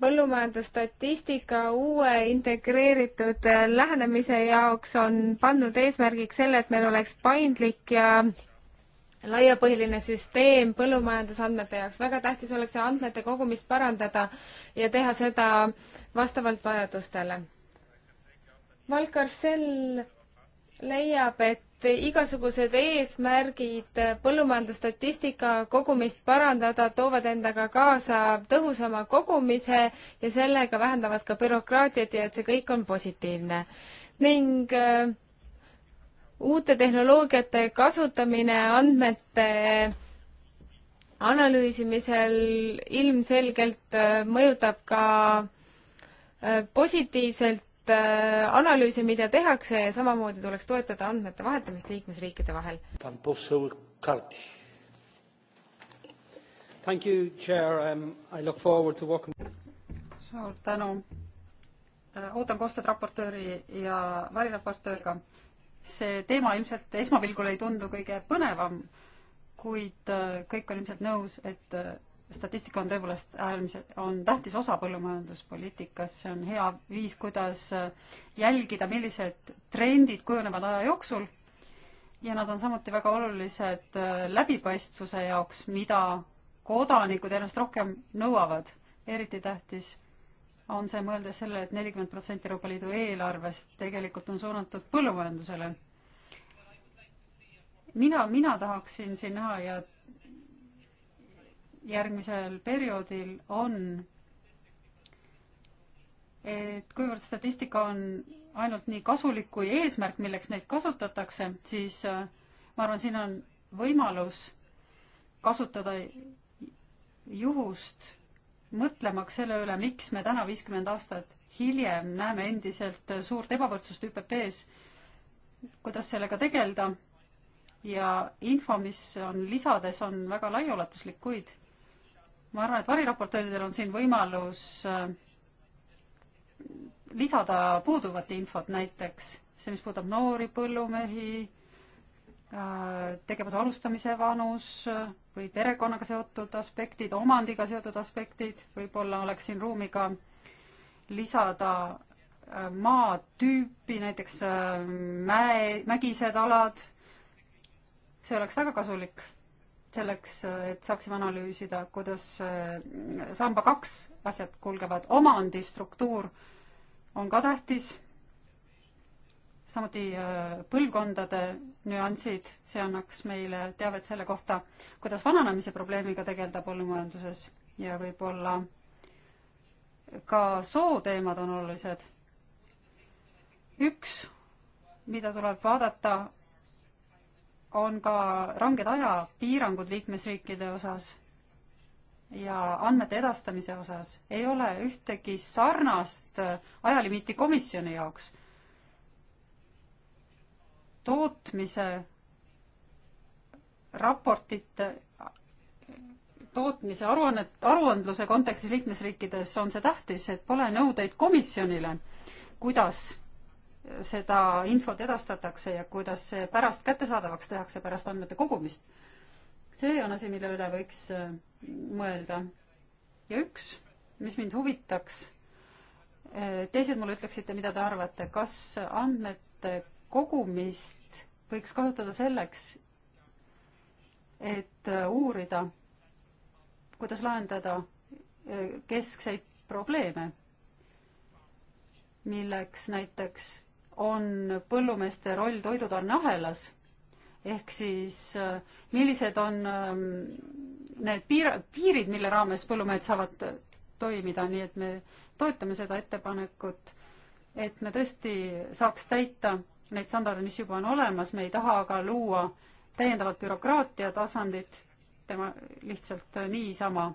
põllumajandusstatistika uue integreeritud äh, lähenemise jaoks on pannud eesmärgiks selle, et meil oleks paindlik ja laiapõhjaline süsteem põllumajandusandmete jaoks. väga tähtis oleks andmete kogumist parandada ja teha seda vastavalt vajadustele. Valkar Sell leiab, et igasugused eesmärgid põllumajandusstatistika kogumist parandada toovad endaga kaasa tõhusama kogumise ja sellega vähendavad ka bürokraatiat ja et see kõik on positiivne. ning äh, uute tehnoloogiate kasutamine andmete analüüsimisel ilmselgelt äh, mõjutab ka äh, positiivselt Äh, analüüse, mida tehakse ja samamoodi tuleks toetada andmete vahetamist liikmesriikide vahel. Um, suur tänu. Äh, ootan koostööd raportööri ja variraportööriga. see teema ilmselt esmapilgul ei tundu kõige põnevam, kuid äh, kõik on ilmselt nõus, et statistika on tõepoolest äärmiselt, on tähtis osa põllumajanduspoliitikas, see on hea viis, kuidas äh, jälgida, millised trendid kujunevad aja jooksul ja nad on samuti väga olulised äh, läbipaistvuse jaoks, mida kodanikud ennast rohkem nõuavad. eriti tähtis on see mõelda selle et, et nelikümmend protsenti Euroopa Liidu eelarvest tegelikult on suunatud põllumajandusele. mina, mina tahaksin siin näha ja järgmisel perioodil on, et kuivõrd statistika on ainult nii kasulik kui eesmärk, milleks neid kasutatakse, siis äh, ma arvan, siin on võimalus kasutada juhust, mõtlemaks selle üle, miks me täna, viiskümmend aastat hiljem, näeme endiselt suurt ebavõrdsust ÜPP-s, kuidas sellega tegeleda ja info, mis on lisades, on väga laiaulatuslik, kuid ma arvan, et variraportööridel on siin võimalus äh, lisada puuduvat infot, näiteks see, mis puudutab noori põllumehi, äh, tegevuse alustamise vanus äh, või perekonnaga seotud aspektid, omandiga seotud aspektid, võib-olla oleks siin ruumi ka lisada maatüüpi, näiteks mäe, mägised alad, see oleks väga kasulik selleks, et saaksime analüüsida, kuidas äh, samba kaks asjad kulgevad. omandistruktuur on ka tähtis, samuti äh, põlvkondade nüansid, see annaks meile teavet selle kohta, kuidas vananemise probleemiga tegeleda põllumajanduses ja võib-olla ka sooteemad on olulised. üks, mida tuleb vaadata, on ka ranged ajapiirangud liikmesriikide osas ja andmete edastamise osas ei ole ühtegi sarnast ajalimiiti komisjoni jaoks. tootmise raportite, tootmise aruannet, aruandluse kontekstis liikmesriikides on see tähtis, et pole nõudeid komisjonile, kuidas seda infot edastatakse ja kuidas see pärast kättesaadavaks tehakse, pärast andmete kogumist. see on asi, mille üle võiks äh, mõelda. ja üks, mis mind huvitaks, äh, teised mulle ütleksite, mida te arvate, kas andmete kogumist võiks kasutada selleks, et äh, uurida, kuidas lahendada keskseid probleeme milleks näiteks on põllumeeste roll toidutarneahelas. ehk siis äh, millised on ähm, need piir, piirid, mille raames põllumehed saavad äh, toimida, nii et me toetame seda ettepanekut, et me tõesti saaks täita neid standarde, mis juba on olemas, me ei taha aga luua täiendavat bürokraatia tasandit, tema lihtsalt äh, niisama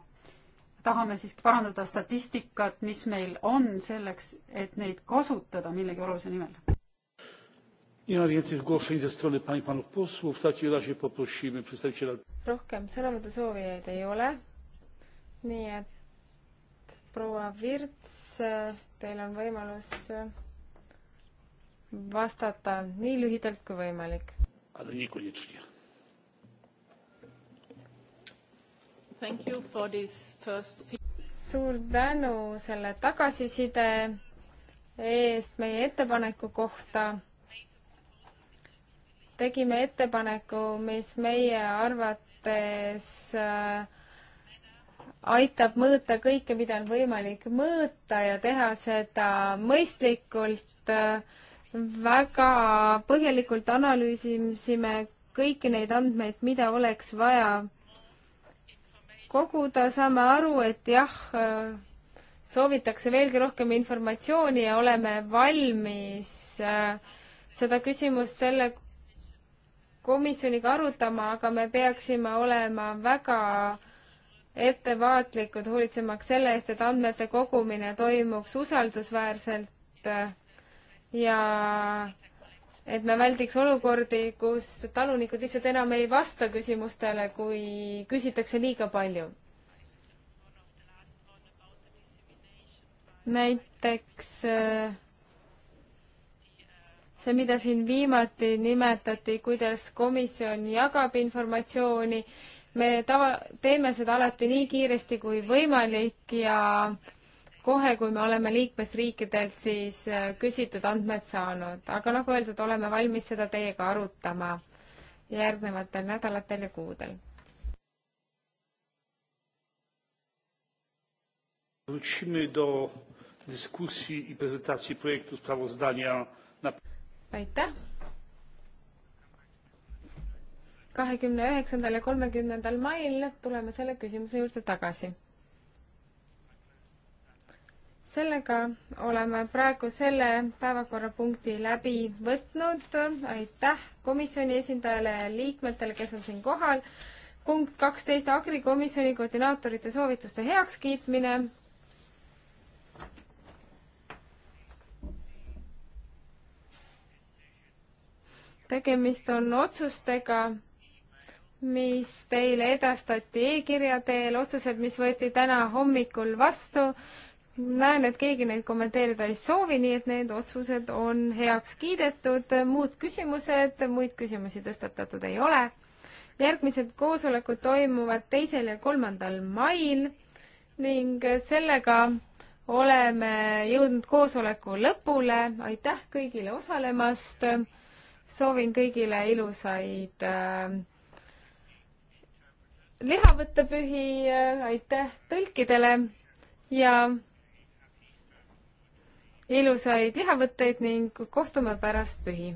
tahame siiski parandada statistikat, mis meil on selleks, et neid kasutada millegi olulise nimel. Nie ma więcej zgłoszeń ze strony pań i panów posłów. W takim razie poprosimy przedstawiciela. Rohkem sõnavõtusoovijaid ei ole. Nii et proua Virts, teil on võimalus vastata nii lühidalt kui võimalik. Ale niekoniecznie. Thank you for this first... Suur tänu selle tagasiside eest meie ettepaneku kohta tegime ettepaneku, mis meie arvates äh, aitab mõõta kõike, mida on võimalik mõõta ja teha seda mõistlikult. Äh, väga põhjalikult analüüsisime kõiki neid andmeid, mida oleks vaja koguda, saame aru, et jah, äh, soovitakse veelgi rohkem informatsiooni ja oleme valmis seda küsimust selle komisjoniga arutama, aga me peaksime olema väga ettevaatlikud, hoolitsemaks selle eest, et andmete kogumine toimuks usaldusväärselt äh, ja et me väldiks olukordi, kus talunikud lihtsalt enam ei vasta küsimustele, kui küsitakse liiga palju näiteks äh, see, mida siin viimati nimetati, kuidas komisjon jagab informatsiooni, me tava, teeme seda alati nii kiiresti kui võimalik ja kohe, kui me oleme liikmesriikidelt siis äh, küsitud andmed saanud, aga nagu öeldud, oleme valmis seda teiega arutama järgnevatel nädalatel ja kuudel. Wrócimy do dyskusji i prezentacji projektu sprawozdania na aitäh! kahekümne üheksandal ja kolmekümnendal mail tuleme selle küsimuse juurde tagasi. sellega oleme praegu selle päevakorrapunkti läbi võtnud. aitäh komisjoni esindajale ja liikmetele, kes on siin kohal. punkt kaksteist, agrikomisjoni koordinaatorite soovituste heakskiitmine tegemist on otsustega, mis teile edastati e-kirja teel, otsused, mis võeti täna hommikul vastu. näen, et keegi neid kommenteerida ei soovi, nii et need otsused on heaks kiidetud. muud küsimused, muid küsimusi tõstatatud ei ole. järgmised koosolekud toimuvad teisel ja kolmandal mail ning sellega oleme jõudnud koosoleku lõpule. aitäh kõigile osalemast soovin kõigile ilusaid äh, lihavõttepühi äh,, aitäh tõlkidele ja ilusaid lihavõtteid ning kohtume pärast pühi!